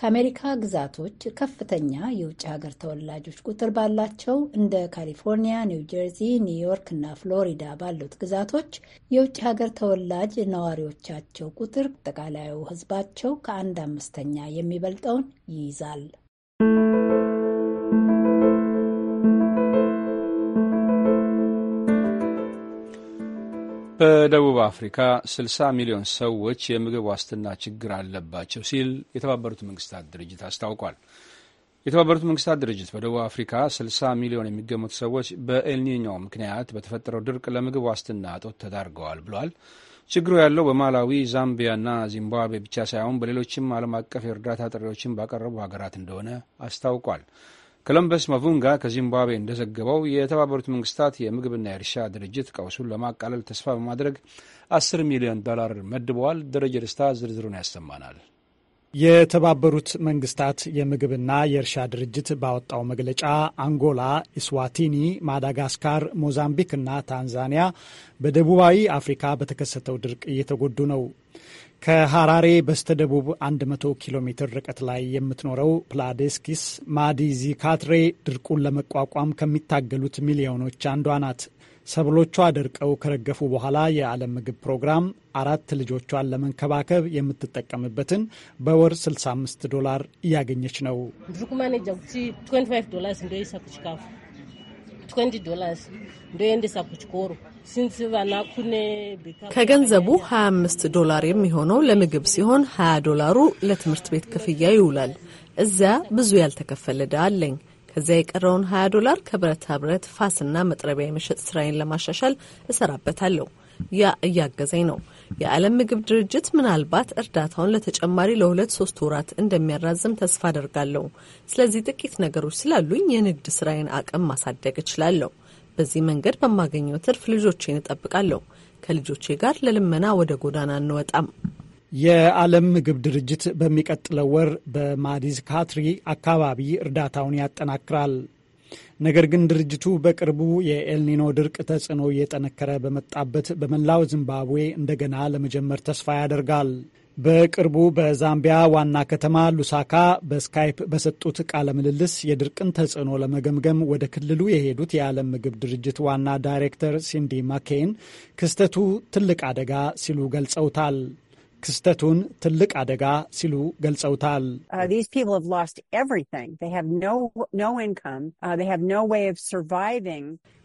ከአሜሪካ ግዛቶች ከፍተኛ የውጭ ሀገር ተወላጆች ቁጥር ባላቸው እንደ ካሊፎርኒያ፣ ኒው ጀርዚ፣ ኒውዮርክ እና ፍሎሪዳ ባሉት ግዛቶች የውጭ ሀገር ተወላጅ ነዋሪዎቻቸው ቁጥር አጠቃላዩ ሕዝባቸው ከአንድ አምስተኛ የሚበልጠውን ይይዛል። በደቡብ አፍሪካ 60 ሚሊዮን ሰዎች የምግብ ዋስትና ችግር አለባቸው ሲል የተባበሩት መንግስታት ድርጅት አስታውቋል። የተባበሩት መንግስታት ድርጅት በደቡብ አፍሪካ 60 ሚሊዮን የሚገመቱ ሰዎች በኤልኒኞ ምክንያት በተፈጠረው ድርቅ ለምግብ ዋስትና እጦት ተዳርገዋል ብሏል። ችግሩ ያለው በማላዊ ዛምቢያና ዚምባብዌ ብቻ ሳይሆን በሌሎችም ዓለም አቀፍ የእርዳታ ጥሪዎችን ባቀረቡ ሀገራት እንደሆነ አስታውቋል። ኮሎምበስ ማቡንጋ ከዚምባብዌ እንደዘገበው የተባበሩት መንግስታት የምግብና የእርሻ ድርጅት ቀውሱን ለማቃለል ተስፋ በማድረግ አስር ሚሊዮን ዶላር መድበዋል። ደረጀ ደስታ ዝርዝሩን ያሰማናል። የተባበሩት መንግስታት የምግብና የእርሻ ድርጅት ባወጣው መግለጫ አንጎላ፣ ኢስዋቲኒ፣ ማዳጋስካር፣ ሞዛምቢክ እና ታንዛኒያ በደቡባዊ አፍሪካ በተከሰተው ድርቅ እየተጎዱ ነው። ከሐራሬ በስተደቡብ 100 ኪሎ ሜትር ርቀት ላይ የምትኖረው ፕላዴስኪስ ማዲዚ ካትሬ ድርቁን ለመቋቋም ከሚታገሉት ሚሊዮኖች አንዷ ናት። ሰብሎቿ ደርቀው ከረገፉ በኋላ የዓለም ምግብ ፕሮግራም አራት ልጆቿን ለመንከባከብ የምትጠቀምበትን በወር 65 ዶላር እያገኘች ነው። 20 dollars ndoendesa kuchikoro ከገንዘቡ 25 ዶላር የሚሆነው ለምግብ ሲሆን 20 ዶላሩ ለትምህርት ቤት ክፍያ ይውላል። እዚያ ብዙ ያልተከፈለ ዕዳ አለኝ። ከዚያ የቀረውን 20 ዶላር ከብረታ ብረት ፋስና መጥረቢያ የመሸጥ ስራዬን ለማሻሻል እሰራበታለሁ። ያ እያገዘኝ ነው። የዓለም ምግብ ድርጅት ምናልባት እርዳታውን ለተጨማሪ ለሁለት ሶስት ወራት እንደሚያራዝም ተስፋ አደርጋለሁ። ስለዚህ ጥቂት ነገሮች ስላሉኝ የንግድ ስራዬን አቅም ማሳደግ እችላለሁ። በዚህ መንገድ በማገኘው ትርፍ ልጆቼን እጠብቃለሁ። ከልጆቼ ጋር ለልመና ወደ ጎዳና እንወጣም። የዓለም ምግብ ድርጅት በሚቀጥለው ወር በማዲዝ ካትሪ አካባቢ እርዳታውን ያጠናክራል። ነገር ግን ድርጅቱ በቅርቡ የኤልኒኖ ድርቅ ተጽዕኖ እየጠነከረ በመጣበት በመላው ዚምባብዌ እንደገና ለመጀመር ተስፋ ያደርጋል። በቅርቡ በዛምቢያ ዋና ከተማ ሉሳካ በስካይፕ በሰጡት ቃለ ምልልስ የድርቅን ተጽዕኖ ለመገምገም ወደ ክልሉ የሄዱት የዓለም ምግብ ድርጅት ዋና ዳይሬክተር ሲንዲ ማኬን ክስተቱ ትልቅ አደጋ ሲሉ ገልጸውታል። ክስተቱን ትልቅ አደጋ ሲሉ ገልጸውታል። uh, uh,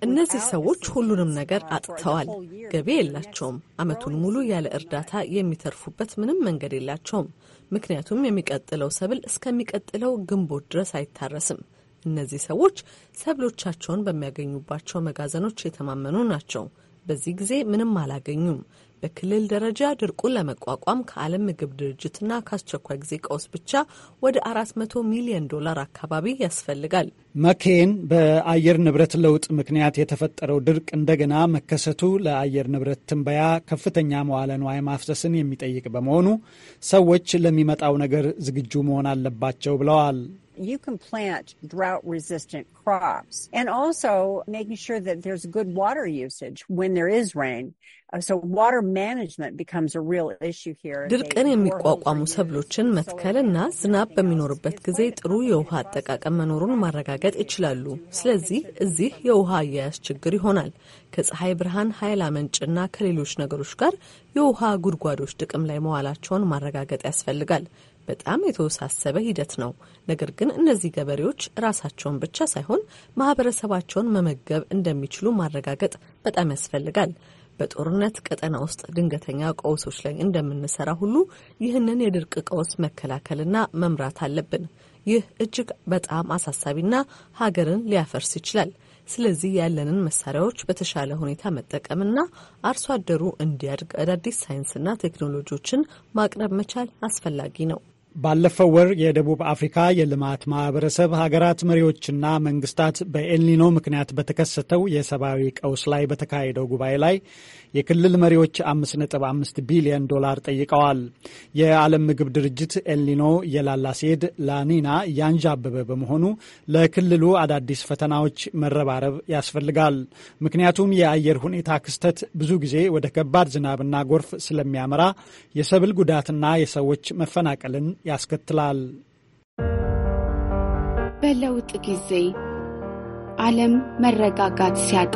እነዚህ ሰዎች ሁሉንም ነገር uh, አጥተዋል። ገቢ የላቸውም። ዓመቱን ሙሉ ያለ እርዳታ የሚተርፉበት ምንም መንገድ የላቸውም። ምክንያቱም የሚቀጥለው ሰብል እስከሚቀጥለው ግንቦት ድረስ አይታረስም። እነዚህ ሰዎች ሰብሎቻቸውን በሚያገኙባቸው መጋዘኖች የተማመኑ ናቸው። በዚህ ጊዜ ምንም አላገኙም። በክልል ደረጃ ድርቁን ለመቋቋም ከዓለም ምግብ ድርጅትና ከአስቸኳይ ጊዜ ቀውስ ብቻ ወደ 400 ሚሊዮን ዶላር አካባቢ ያስፈልጋል። መኬን በአየር ንብረት ለውጥ ምክንያት የተፈጠረው ድርቅ እንደገና መከሰቱ ለአየር ንብረት ትንበያ ከፍተኛ መዋለ ንዋይ ማፍሰስን የሚጠይቅ በመሆኑ ሰዎች ለሚመጣው ነገር ዝግጁ መሆን አለባቸው ብለዋል። you can plant drought resistant crops and also making sure that there's good water usage when there is rain. Uh, so water management becomes a real issue here. ድርቅን የሚቋቋሙ ሰብሎችን መትከልና ዝናብ በሚኖርበት ጊዜ ጥሩ የውሃ አጠቃቀም መኖሩን ማረጋገጥ ይችላሉ። ስለዚህ እዚህ የውሃ አያያዝ ችግር ይሆናል። ከፀሐይ ብርሃን ኃይል አመንጭና ከሌሎች ነገሮች ጋር የውሃ ጉድጓዶች ጥቅም ላይ መዋላቸውን ማረጋገጥ ያስፈልጋል። በጣም የተወሳሰበ ሂደት ነው። ነገር ግን እነዚህ ገበሬዎች ራሳቸውን ብቻ ሳይሆን ማህበረሰባቸውን መመገብ እንደሚችሉ ማረጋገጥ በጣም ያስፈልጋል። በጦርነት ቀጠና ውስጥ ድንገተኛ ቀውሶች ላይ እንደምንሰራ ሁሉ ይህንን የድርቅ ቀውስ መከላከልና መምራት አለብን። ይህ እጅግ በጣም አሳሳቢና ሀገርን ሊያፈርስ ይችላል። ስለዚህ ያለንን መሳሪያዎች በተሻለ ሁኔታ መጠቀምና አርሶ አደሩ እንዲያድግ አዳዲስ ሳይንስና ቴክኖሎጂዎችን ማቅረብ መቻል አስፈላጊ ነው። ባለፈው ወር የደቡብ አፍሪካ የልማት ማህበረሰብ ሀገራት መሪዎችና መንግስታት በኤልኒኖ ምክንያት በተከሰተው የሰብአዊ ቀውስ ላይ በተካሄደው ጉባኤ ላይ የክልል መሪዎች 5.5 ቢሊዮን ዶላር ጠይቀዋል። የዓለም ምግብ ድርጅት ኤልኒኖ የላላ ሴድ ላኒና እያንዣበበ በመሆኑ ለክልሉ አዳዲስ ፈተናዎች መረባረብ ያስፈልጋል። ምክንያቱም የአየር ሁኔታ ክስተት ብዙ ጊዜ ወደ ከባድ ዝናብና ጎርፍ ስለሚያመራ የሰብል ጉዳትና የሰዎች መፈናቀልን ያስከትላል። በለውጥ ጊዜ ዓለም መረጋጋት ሲያጣ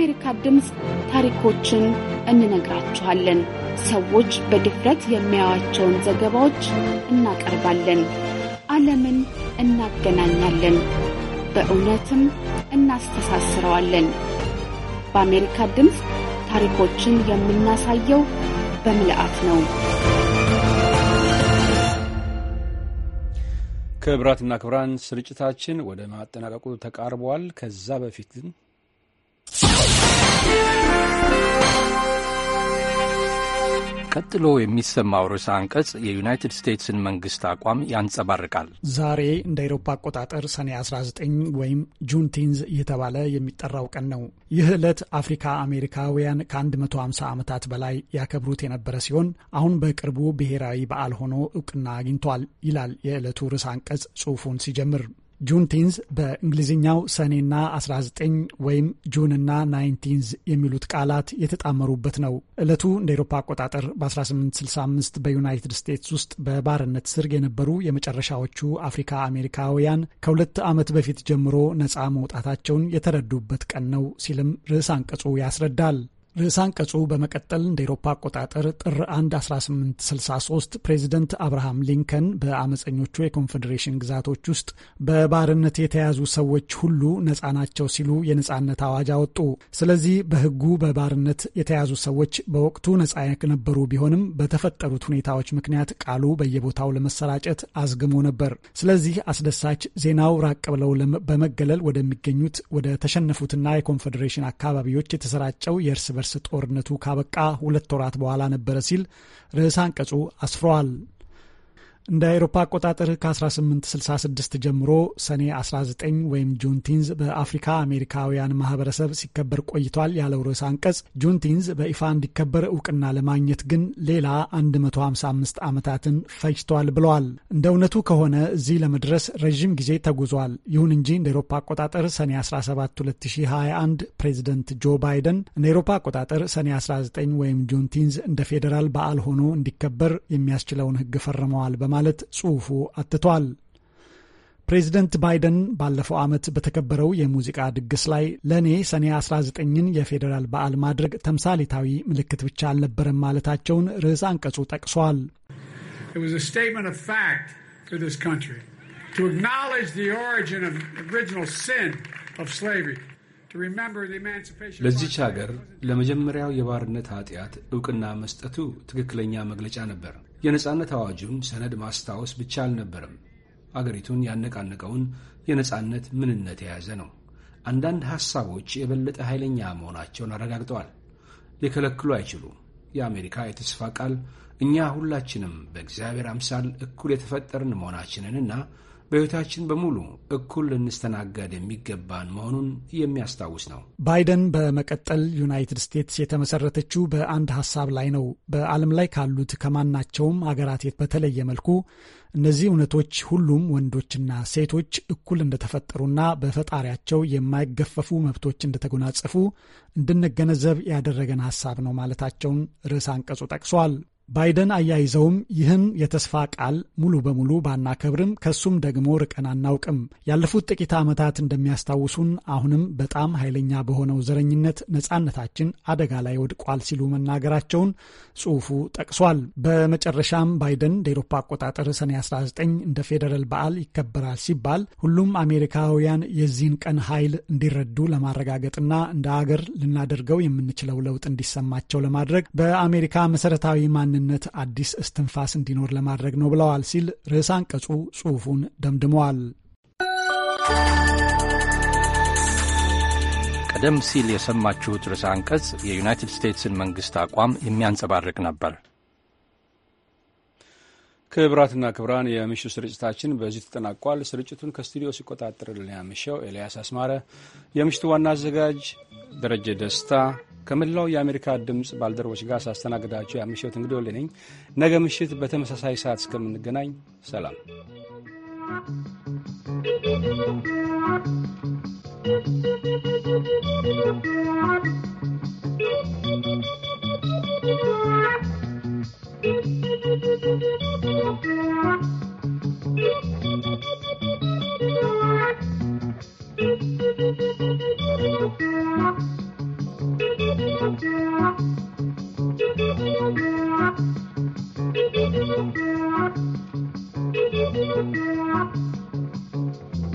የአሜሪካ ድምፅ ታሪኮችን እንነግራችኋለን። ሰዎች በድፍረት የሚያዩዋቸውን ዘገባዎች እናቀርባለን። ዓለምን እናገናኛለን፣ በእውነትም እናስተሳስረዋለን። በአሜሪካ ድምፅ ታሪኮችን የምናሳየው በምልአት ነው። ክብራትና ክብራን ስርጭታችን ወደ ማጠናቀቁ ተቃርበዋል። ከዛ በፊት ግን ቀጥሎ የሚሰማው ርዕሰ አንቀጽ የዩናይትድ ስቴትስን መንግስት አቋም ያንጸባርቃል። ዛሬ እንደ አውሮፓ አቆጣጠር ሰኔ 19 ወይም ጁንቲንዝ እየተባለ የሚጠራው ቀን ነው። ይህ ዕለት አፍሪካ አሜሪካውያን ከ150 ዓመታት በላይ ያከብሩት የነበረ ሲሆን አሁን በቅርቡ ብሔራዊ በዓል ሆኖ እውቅና አግኝቷል ይላል የዕለቱ ርዕሰ አንቀጽ ጽሑፉን ሲጀምር ጁንቲንዝ በእንግሊዝኛው ሰኔና 19 ወይም ጁንና ናይንቲንዝ የሚሉት ቃላት የተጣመሩበት ነው። ዕለቱ እንደ ኤሮፓ አቆጣጠር በ1865 በዩናይትድ ስቴትስ ውስጥ በባርነት ስር የነበሩ የመጨረሻዎቹ አፍሪካ አሜሪካውያን ከሁለት ዓመት በፊት ጀምሮ ነፃ መውጣታቸውን የተረዱበት ቀን ነው ሲልም ርዕስ አንቀጹ ያስረዳል። ርዕሰ አንቀጹ በመቀጠል እንደ ኤሮፓ አቆጣጠር ጥር 1 1863 ፕሬዚደንት አብርሃም ሊንከን በአመፀኞቹ የኮንፌዴሬሽን ግዛቶች ውስጥ በባርነት የተያዙ ሰዎች ሁሉ ነፃ ናቸው ሲሉ የነፃነት አዋጅ አወጡ። ስለዚህ በህጉ በባርነት የተያዙ ሰዎች በወቅቱ ነፃ የነበሩ ቢሆንም በተፈጠሩት ሁኔታዎች ምክንያት ቃሉ በየቦታው ለመሰራጨት አዝግሞ ነበር። ስለዚህ አስደሳች ዜናው ራቅ ብለው በመገለል ወደሚገኙት ወደ ተሸነፉትና የኮንፌዴሬሽን አካባቢዎች የተሰራጨው የእርስ በርስ ጦርነቱ ካበቃ ሁለት ወራት በኋላ ነበረ ሲል ርዕሰ አንቀጹ አስፍሯል። እንደ አውሮፓ አቆጣጠር ከ1866 ጀምሮ ሰኔ 19 ወይም ጁንቲንዝ በአፍሪካ አሜሪካውያን ማህበረሰብ ሲከበር ቆይቷል ያለው ርዕስ አንቀጽ ጁንቲንዝ በይፋ እንዲከበር እውቅና ለማግኘት ግን ሌላ 155 ዓመታትን ፈጅቷል ብለዋል። እንደ እውነቱ ከሆነ እዚህ ለመድረስ ረዥም ጊዜ ተጉዟል። ይሁን እንጂ እንደ አውሮፓ አቆጣጠር ሰኔ 17 2021 ፕሬዚደንት ጆ ባይደን እንደ አውሮፓ አቆጣጠር ሰኔ 19 ወይም ጁንቲንዝ እንደ ፌዴራል በዓል ሆኖ እንዲከበር የሚያስችለውን ህግ ፈርመዋል በማለት በማለት ጽሑፉ አትቷል። ፕሬዚደንት ባይደን ባለፈው ዓመት በተከበረው የሙዚቃ ድግስ ላይ ለእኔ ሰኔ 19ን የፌዴራል በዓል ማድረግ ተምሳሌታዊ ምልክት ብቻ አልነበረም ማለታቸውን ርዕስ አንቀጹ ጠቅሷል። ለዚች ሀገር ለመጀመሪያው የባርነት ኃጢአት ዕውቅና መስጠቱ ትክክለኛ መግለጫ ነበር። የነጻነት አዋጁን ሰነድ ማስታወስ ብቻ አልነበረም፣ አገሪቱን ያነቃነቀውን የነጻነት ምንነት የያዘ ነው። አንዳንድ ሐሳቦች የበለጠ ኃይለኛ መሆናቸውን አረጋግጠዋል። ሊከለክሉ አይችሉም። የአሜሪካ የተስፋ ቃል እኛ ሁላችንም በእግዚአብሔር አምሳል እኩል የተፈጠርን መሆናችንንና በሕይወታችን በሙሉ እኩል ልንስተናገድ የሚገባን መሆኑን የሚያስታውስ ነው። ባይደን በመቀጠል ዩናይትድ ስቴትስ የተመሰረተችው በአንድ ሀሳብ ላይ ነው። በዓለም ላይ ካሉት ከማናቸውም አገራት በተለየ መልኩ እነዚህ እውነቶች ሁሉም ወንዶችና ሴቶች እኩል እንደተፈጠሩና በፈጣሪያቸው የማይገፈፉ መብቶች እንደተጎናጸፉ እንድንገነዘብ ያደረገን ሀሳብ ነው ማለታቸውን ርዕስ አንቀጹ ጠቅሷል። ባይደን አያይዘውም ይህን የተስፋ ቃል ሙሉ በሙሉ ባናከብርም ከሱም ደግሞ ርቀን አናውቅም። ያለፉት ጥቂት ዓመታት እንደሚያስታውሱን አሁንም በጣም ኃይለኛ በሆነው ዘረኝነት ነጻነታችን አደጋ ላይ ወድቋል ሲሉ መናገራቸውን ጽሑፉ ጠቅሷል። በመጨረሻም ባይደን እንደ ኤሮፓ አቆጣጠር ሰኔ 19 እንደ ፌዴራል በዓል ይከበራል ሲባል ሁሉም አሜሪካውያን የዚህን ቀን ኃይል እንዲረዱ ለማረጋገጥና እንደ አገር ልናደርገው የምንችለው ለውጥ እንዲሰማቸው ለማድረግ በአሜሪካ መሰረታዊ ማንነት ማንነት አዲስ እስትንፋስ እንዲኖር ለማድረግ ነው ብለዋል ሲል ርዕሰ አንቀጹ ጽሑፉን ደምድመዋል። ቀደም ሲል የሰማችሁት ርዕሰ አንቀጽ የዩናይትድ ስቴትስን መንግሥት አቋም የሚያንጸባርቅ ነበር። ክብራትና ክብራን የምሽቱ ስርጭታችን በዚህ ተጠናቋል። ስርጭቱን ከስቱዲዮ ሲቆጣጠርልን ያመሸው ኤልያስ አስማረ፣ የምሽቱ ዋና አዘጋጅ ደረጀ ደስታ ከመላው የአሜሪካ ድምፅ ባልደረቦች ጋር ሳስተናግዳቸው ያምሽት እንግዲህ ወሌ ነኝ። ነገ ምሽት በተመሳሳይ ሰዓት እስከምንገናኝ ሰላም። Thank you.